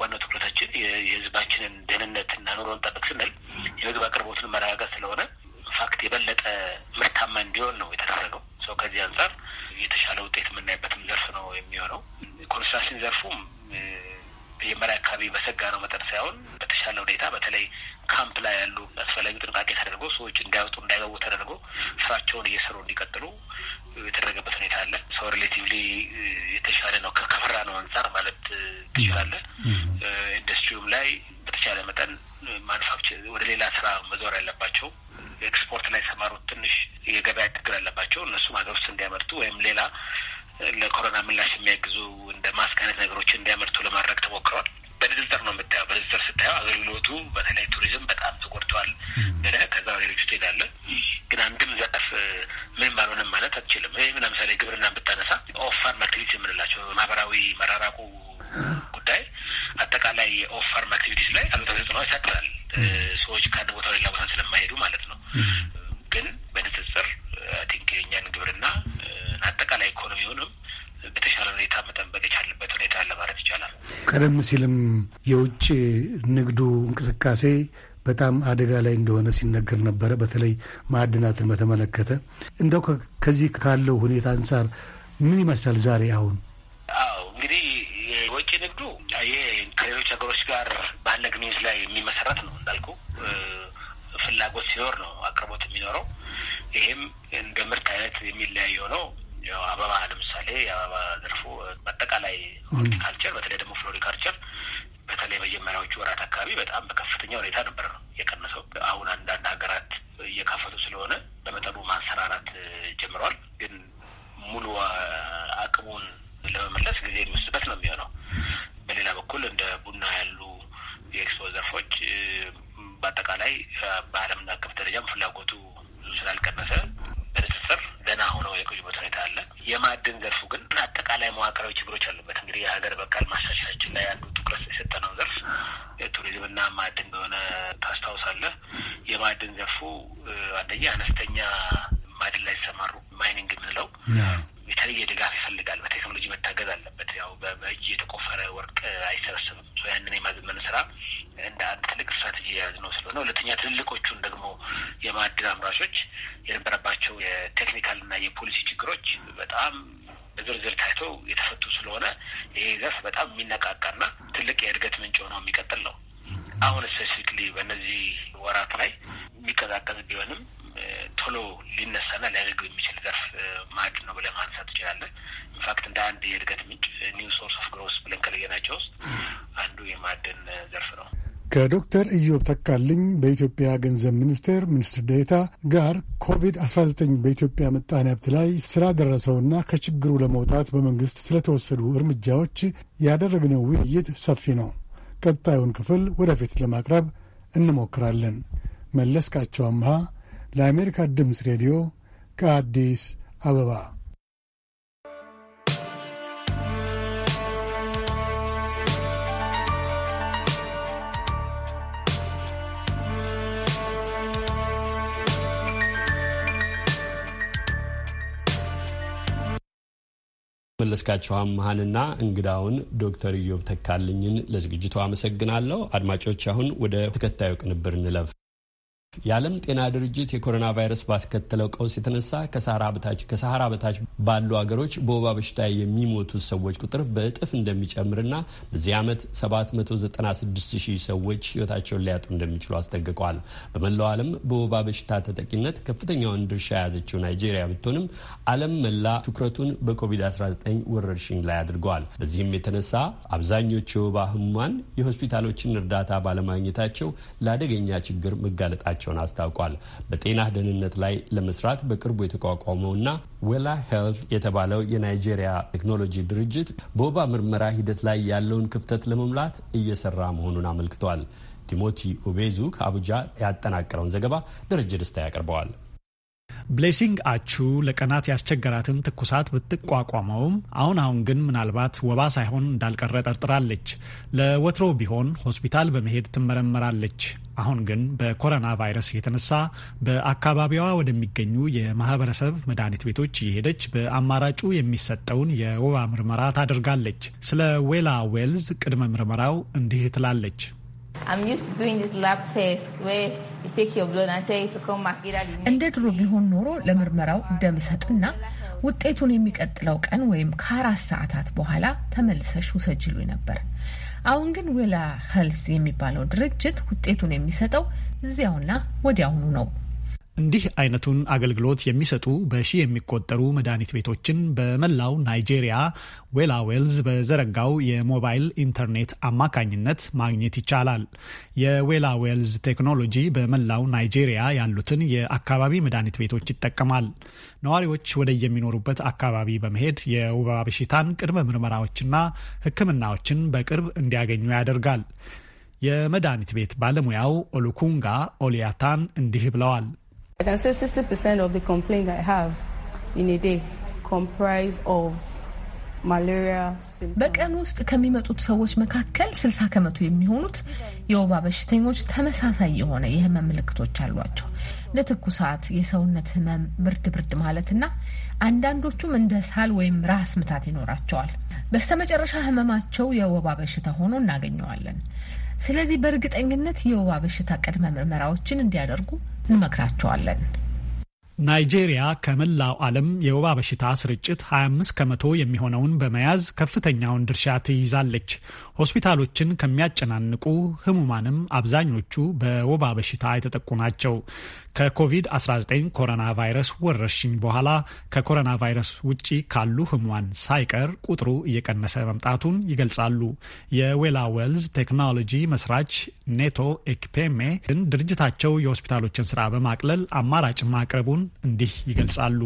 S7: ዋናው ትኩረታችን የህዝባችንን ደህንነትና ኑሮ እንጠብቅ ስንል የምግብ አቅርቦትን መረጋጋት ስለሆነ ፋክት የበለጠ ምርታማ እንዲሆን ነው የተደረገው። ሰው ከዚህ አንጻር የተሻለ ውጤት የምናይበትም ዘርፍ ነው የሚሆነው። ኮንስትራክሽን ዘርፉም መጀመሪያ አካባቢ በሰጋ ነው መጠን ሳይሆን በተሻለ ሁኔታ በተለይ ካምፕ ላይ ያሉ አስፈላጊ ጥንቃቄ ተደርጎ ሰዎች እንዳይወጡ እንዳይገቡ ተደርጎ ስራቸውን እየሰሩ እንዲቀጥሉ የተደረገበት ሁኔታ አለ። ሰው ሪሌቲቭሊ የተሻለ ነው ከፈራ ነው አንጻር ማለት ትችላለህ። ኢንዱስትሪውም ላይ በተቻለ መጠን ማኑፋክቸር ወደ ሌላ ስራ መዞር ያለባቸው ኤክስፖርት ላይ ሰማሩት ትንሽ የገበያ ችግር አለባቸው። እነሱም ሀገር ውስጥ እንዲያመርቱ ወይም ሌላ ለኮሮና ምላሽ የሚያግዙ እንደ ማስክ አይነት ነገሮች እንዲያመርቱ ለማድረግ ተሞክረዋል። በንጽጽር ነው የምታየው። በንጽጽር ስታየው አገልግሎቱ በተለይ ቱሪዝም በጣም ተጎድተዋል ብለህ ከዛ ሌሎች ትሄዳለህ። ግን አንድም ዘርፍ ምንም አልሆነም ማለት አትችልም። ይህም ለምሳሌ ግብርና ብታነሳ ኦፋር አክቲቪቲ የምንላቸው ማህበራዊ
S6: መራራቁ ጉዳይ አጠቃላይ ኦፋርም አክቲቪቲስ ላይ አሉታዊ ተጽዕኖ ያሳድራል። ሰዎች ከአንድ ቦታ ሌላ ቦታ ስለማይሄዱ ማለት ነው። ግን በንጽጽር ቲንክ የእኛን ግብርና አጠቃላይ ኢኮኖሚውንም በተሻለ ሁኔታ መጠበቅ የቻልበት ሁኔታ አለ ማለት ይቻላል። ቀደም ሲልም የውጭ ንግዱ እንቅስቃሴ በጣም አደጋ ላይ እንደሆነ ሲነገር ነበረ። በተለይ ማዕድናትን በተመለከተ እንደው ከዚህ ካለው ሁኔታ አንጻር ምን ይመስላል ዛሬ አሁን? አዎ እንግዲህ የውጭ ንግዱ ይሄ ከሌሎች ሀገሮች ጋር
S7: ባለ ግንኙነት ላይ የሚመሰረት ነው እንዳልኩ ፍላጎት ሲኖር ነው አቅርቦት የሚኖረው። ይህም እንደ ምርት አይነት የሚለያየው ነው። አበባ ለምሳሌ የአበባ ዘርፉ በአጠቃላይ ሆርቲካልቸር፣ በተለይ ደግሞ ፍሎሪካልቸር በተለይ መጀመሪያዎቹ ወራት አካባቢ በጣም በከፍተኛ ሁኔታ ነበር የቀነሰው። አሁን አንዳንድ ሀገራት እየከፈቱ ስለሆነ በመጠኑ ማንሰራራት ጀምረዋል። ግን ሙሉ አቅሙን ለመመለስ ጊዜ የሚወስድበት ነው የሚሆነው። በሌላ በኩል እንደ ቡና ያሉ የኤክስፖ ዘርፎች በአጠቃላይ በዓለም አቀፍ ደረጃም ፍላጎቱ ስላልቀነሰ ስር ደህና ሆነው የቆዩበት ሁኔታ አለ። የማዕድን ዘርፉ ግን አጠቃላይ መዋቅራዊ ችግሮች አሉበት። እንግዲህ የሀገር በቀል ማሻሻያችን ላይ አንዱ ትኩረት የሰጠነው ዘርፍ ቱሪዝምና ማዕድን እንደሆነ ታስታውሳለህ። የማዕድን ዘርፉ አንደኛ አነስተኛ ማድን ላይ ሲሰማሩ ማይኒንግ የምንለው የተለየ ድጋፍ ይፈልጋል። በቴክኖሎጂ መታገዝ አለበት። ያው በእጅ የተቆፈረ ወርቅ አይሰበስብም። ያንን የማዘመን ስራ እንደ አንድ ትልቅ ስትራቴጂ የያዝ ነው ስለሆነ፣ ሁለተኛ ትልልቆቹን ደግሞ የማዕድን አምራቾች የነበረባቸው የቴክኒካል እና የፖሊሲ ችግሮች በጣም በዝርዝር ታይቶ የተፈቱ ስለሆነ ይህ ዘርፍ በጣም የሚነቃቃና ትልቅ የእድገት ምንጭ ሆነው የሚቀጥል ነው። አሁን ስፔሲፊክሊ በእነዚህ ወራት ላይ የሚቀዛቀዝ ቢሆንም ቶሎ ሊነሳና ሊያገግብ የሚችል ዘርፍ ማዕድን ነው ብለን ማንሳት እንችላለን። ኢንፋክት እንደ አንድ የእድገት ምንጭ ኒው ሶርስ ኦፍ ግሮስ ብለን ከለየናቸው ውስጥ አንዱ የማዕድን ዘርፍ
S6: ነው። ከዶክተር ኢዮብ ተካልኝ በኢትዮጵያ ገንዘብ ሚኒስቴር ሚኒስትር ዴኤታ ጋር ኮቪድ-19 በኢትዮጵያ ምጣኔ ሀብት ላይ ስላደረሰውና ከችግሩ ለመውጣት በመንግስት ስለተወሰዱ እርምጃዎች ያደረግነው ውይይት ሰፊ ነው። ቀጣዩን ክፍል ወደፊት ለማቅረብ እንሞክራለን። መለስካቸው አምሃ ለአሜሪካ ድምፅ ሬዲዮ ከአዲስ አበባ።
S1: መለስካቸው አመሃንና እንግዳውን ዶክተር ኢዮብ ተካልኝን ለዝግጅቱ አመሰግናለሁ። አድማጮች አሁን ወደ ተከታዩ ቅንብር እንለፍ። የዓለም ጤና ድርጅት የኮሮና ቫይረስ ባስከተለው ቀውስ የተነሳ ከሳህራ በታች በታች ባሉ አገሮች በወባ በሽታ የሚሞቱ ሰዎች ቁጥር በእጥፍ እንደሚጨምርና በዚህ ዓመት 796 ሺህ ሰዎች ህይወታቸውን ሊያጡ እንደሚችሉ አስጠንቅቋል። በመላው ዓለም በወባ በሽታ ተጠቂነት ከፍተኛውን ድርሻ የያዘችው ናይጄሪያ ብትሆንም ዓለም መላ ትኩረቱን በኮቪድ-19 ወረርሽኝ ላይ አድርገዋል። በዚህም የተነሳ አብዛኞቹ የወባ ህሙማን የሆስፒታሎችን እርዳታ ባለማግኘታቸው ለአደገኛ ችግር መጋለጣቸው መሆናቸውን አስታውቋል። በጤና ደህንነት ላይ ለመስራት በቅርቡ የተቋቋመውና ዌላ ሄልት የተባለው የናይጄሪያ ቴክኖሎጂ ድርጅት በወባ ምርመራ ሂደት ላይ ያለውን ክፍተት ለመሙላት እየሰራ መሆኑን አመልክቷል። ቲሞቲ ኡቤዙ ከአቡጃ ያጠናቀረውን ዘገባ ደረጀ ደስታ
S8: ያቀርበዋል። ብሌሲንግ አቹ ለቀናት ያስቸገራትን ትኩሳት ብትቋቋመውም አሁን አሁን ግን ምናልባት ወባ ሳይሆን እንዳልቀረ ጠርጥራለች። ለወትሮ ቢሆን ሆስፒታል በመሄድ ትመረመራለች። አሁን ግን በኮሮና ቫይረስ የተነሳ በአካባቢዋ ወደሚገኙ የማህበረሰብ መድኃኒት ቤቶች እየሄደች በአማራጩ የሚሰጠውን የወባ ምርመራ ታደርጋለች። ስለ ዌላ ዌልዝ ቅድመ ምርመራው እንዲህ ትላለች።
S10: እንደ ድሮ ቢሆን ኖሮ ለምርመራው ደም ሰጥና ውጤቱን የሚቀጥለው ቀን ወይም ከአራት ሰዓታት በኋላ ተመልሰሽ ውሰጅሉ ነበር። አሁን ግን ዌላ ኸልስ የሚባለው ድርጅት ውጤቱን የሚሰጠው እዚያውና ወዲያውኑ ነው።
S8: እንዲህ አይነቱን አገልግሎት የሚሰጡ በሺ የሚቆጠሩ መድኃኒት ቤቶችን በመላው ናይጄሪያ ዌላ ዌልዝ በዘረጋው የሞባይል ኢንተርኔት አማካኝነት ማግኘት ይቻላል። የዌላ ዌልዝ ቴክኖሎጂ በመላው ናይጄሪያ ያሉትን የአካባቢ መድኃኒት ቤቶች ይጠቀማል። ነዋሪዎች ወደ የሚኖሩበት አካባቢ በመሄድ የወባ በሽታን ቅድመ ምርመራዎችና ሕክምናዎችን በቅርብ እንዲያገኙ ያደርጋል። የመድኃኒት ቤት ባለሙያው ኦሉኩንጋ ኦሊያታን እንዲህ ብለዋል።
S2: I can say 60% of the complaints I have in a day comprise of
S10: በቀን ውስጥ ከሚመጡት ሰዎች መካከል 60 ከመቶ የሚሆኑት የወባ በሽተኞች ተመሳሳይ የሆነ የህመም ምልክቶች አሏቸው። እንደ የሰውነት ህመም፣ ብርድ ብርድ ማለትና አንዳንዶቹም እንደ ሳል ወይም ራስ ምታት ይኖራቸዋል። በስተመጨረሻ ህመማቸው የወባ በሽታ ሆኖ እናገኘዋለን። ስለዚህ በእርግጠኝነት የወባ በሽታ ቅድመ ምርመራዎችን እንዲያደርጉ እንመክራቸዋለን።
S8: ናይጄሪያ ከመላው ዓለም የወባ በሽታ ስርጭት 25 ከመቶ የሚሆነውን በመያዝ ከፍተኛውን ድርሻ ትይዛለች። ሆስፒታሎችን ከሚያጨናንቁ ህሙማንም አብዛኞቹ በወባ በሽታ የተጠቁ ናቸው። ከኮቪድ-19 ኮሮና ቫይረስ ወረርሽኝ በኋላ ከኮሮና ቫይረስ ውጪ ካሉ ህሟን ሳይቀር ቁጥሩ እየቀነሰ መምጣቱን ይገልጻሉ። የዌላ ዌልዝ ቴክኖሎጂ መስራች ኔቶ ኤክፔሜ ድርጅታቸው የሆስፒታሎችን ስራ በማቅለል አማራጭ ማቅረቡን እንዲህ ይገልጻሉ።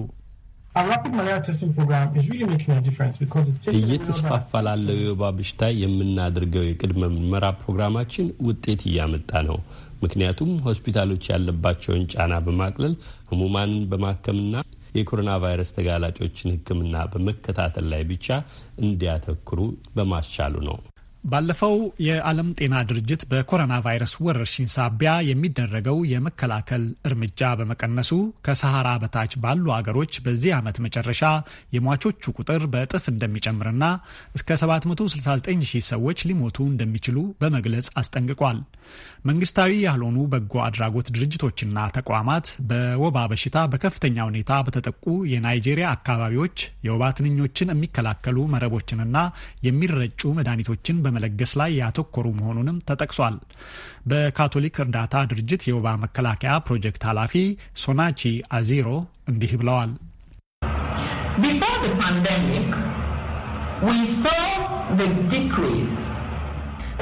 S6: እየተስፋፋ ላለው
S1: የወባ በሽታ የምናደርገው የቅድመ ምርመራ ፕሮግራማችን ውጤት እያመጣ ነው። ምክንያቱም ሆስፒታሎች ያለባቸውን ጫና በማቅለል ህሙማንን በማከምና የኮሮና ቫይረስ ተጋላጮችን ሕክምና በመከታተል ላይ ብቻ እንዲያተኩሩ በማስቻሉ ነው።
S8: ባለፈው የዓለም ጤና ድርጅት በኮሮና ቫይረስ ወረርሽኝ ሳቢያ የሚደረገው የመከላከል እርምጃ በመቀነሱ ከሰሃራ በታች ባሉ አገሮች በዚህ ዓመት መጨረሻ የሟቾቹ ቁጥር በእጥፍ እንደሚጨምርና እስከ 769,000 ሰዎች ሊሞቱ እንደሚችሉ በመግለጽ አስጠንቅቋል። መንግስታዊ ያልሆኑ በጎ አድራጎት ድርጅቶችና ተቋማት በወባ በሽታ በከፍተኛ ሁኔታ በተጠቁ የናይጄሪያ አካባቢዎች የወባ ትንኞችን የሚከላከሉ መረቦችንና የሚረጩ መድኃኒቶችን በመለገስ ላይ ያተኮሩ መሆኑንም ተጠቅሷል። በካቶሊክ እርዳታ ድርጅት የወባ መከላከያ ፕሮጀክት ኃላፊ ሶናቺ አዚሮ እንዲህ ብለዋል።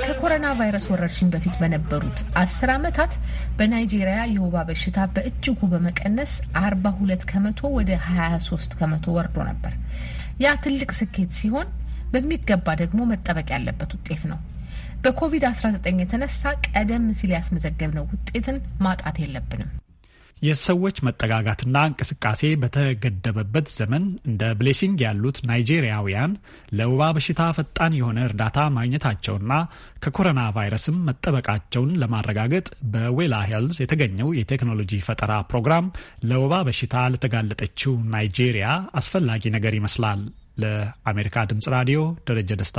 S10: ከኮሮና ቫይረስ ወረርሽኝ በፊት በነበሩት አስር ዓመታት በናይጄሪያ የወባ በሽታ በእጅጉ በመቀነስ 42 ከመቶ ወደ 23 ከመቶ ወርዶ ነበር። ያ ትልቅ ስኬት ሲሆን በሚገባ ደግሞ መጠበቅ ያለበት ውጤት ነው። በኮቪድ-19 የተነሳ ቀደም ሲል ያስመዘገብነው ውጤትን ማጣት የለብንም።
S8: የሰዎች መጠጋጋትና እንቅስቃሴ በተገደበበት ዘመን እንደ ብሌሲንግ ያሉት ናይጄሪያውያን ለወባ በሽታ ፈጣን የሆነ እርዳታ ማግኘታቸውና ከኮሮና ቫይረስም መጠበቃቸውን ለማረጋገጥ በዌላ ሄልዝ የተገኘው የቴክኖሎጂ ፈጠራ ፕሮግራም ለወባ በሽታ ለተጋለጠችው ናይጄሪያ አስፈላጊ ነገር ይመስላል። ለአሜሪካ ድምፅ ራዲዮ ደረጀ ደስታ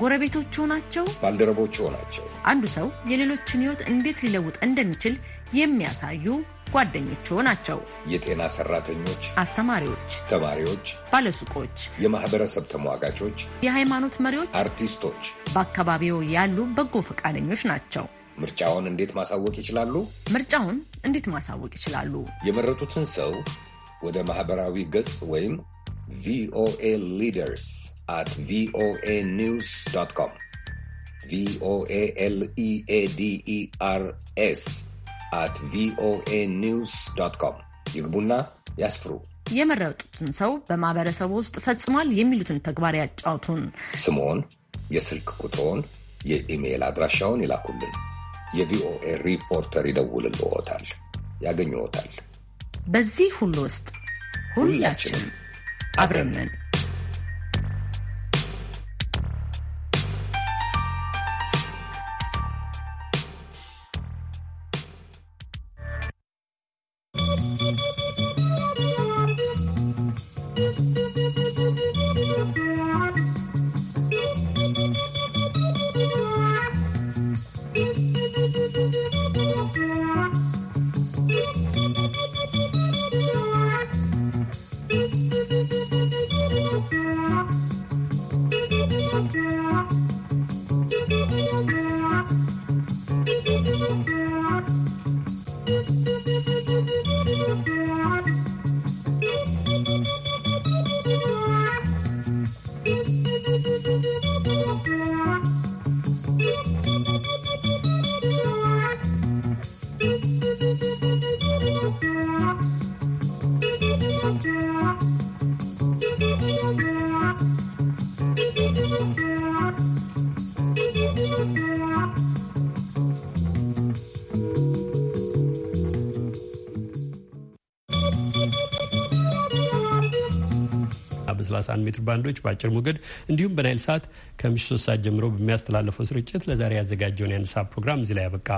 S10: ጎረቤቶች ናቸው፣
S11: ባልደረቦች ናቸው።
S10: አንዱ
S4: ሰው የሌሎችን ህይወት እንዴት ሊለውጥ እንደሚችል የሚያሳዩ ጓደኞች ናቸው።
S11: የጤና ሰራተኞች፣
S4: አስተማሪዎች፣ ተማሪዎች፣ ባለሱቆች፣
S11: የማህበረሰብ ተሟጋቾች፣
S4: የሃይማኖት መሪዎች፣
S11: አርቲስቶች፣
S4: በአካባቢው ያሉ በጎ ፈቃደኞች
S11: ናቸው። ምርጫውን እንዴት ማሳወቅ ይችላሉ?
S4: ምርጫውን እንዴት ማሳወቅ ይችላሉ?
S11: የመረጡትን ሰው ወደ ማህበራዊ ገጽ ወይም ቪኦኤ ሊደርስ at ቪኦኤ ኒውስ ዶት ኮም ቪኦኤ ኤልኢኤዲኢአርኤስ አት ቪኦኤ ኒውስ ዶት ኮም ይግቡና ያስፍሩ።
S4: የመረጡትን ሰው በማህበረሰቡ ውስጥ ፈጽሟል የሚሉትን ተግባር ያጫውቱን።
S11: ስሞን፣ የስልክ ቁጥሮን፣ የኢሜይል አድራሻውን ይላኩልን። የቪኦኤ ሪፖርተር ይደውልልዎታል፣ ያገኝዎታል።
S4: በዚህ ሁሉ ውስጥ ሁላችንም አብረን
S1: ሜትር ባንዶች በአጭር ሞገድ እንዲሁም በናይል ሰዓት ከምሽቱ ሶስት ሰዓት ጀምሮ በሚያስተላለፈው ስርጭት ለዛሬ ያዘጋጀውን የአንድ ሰዓት ፕሮግራም እዚህ ላይ ያበቃ።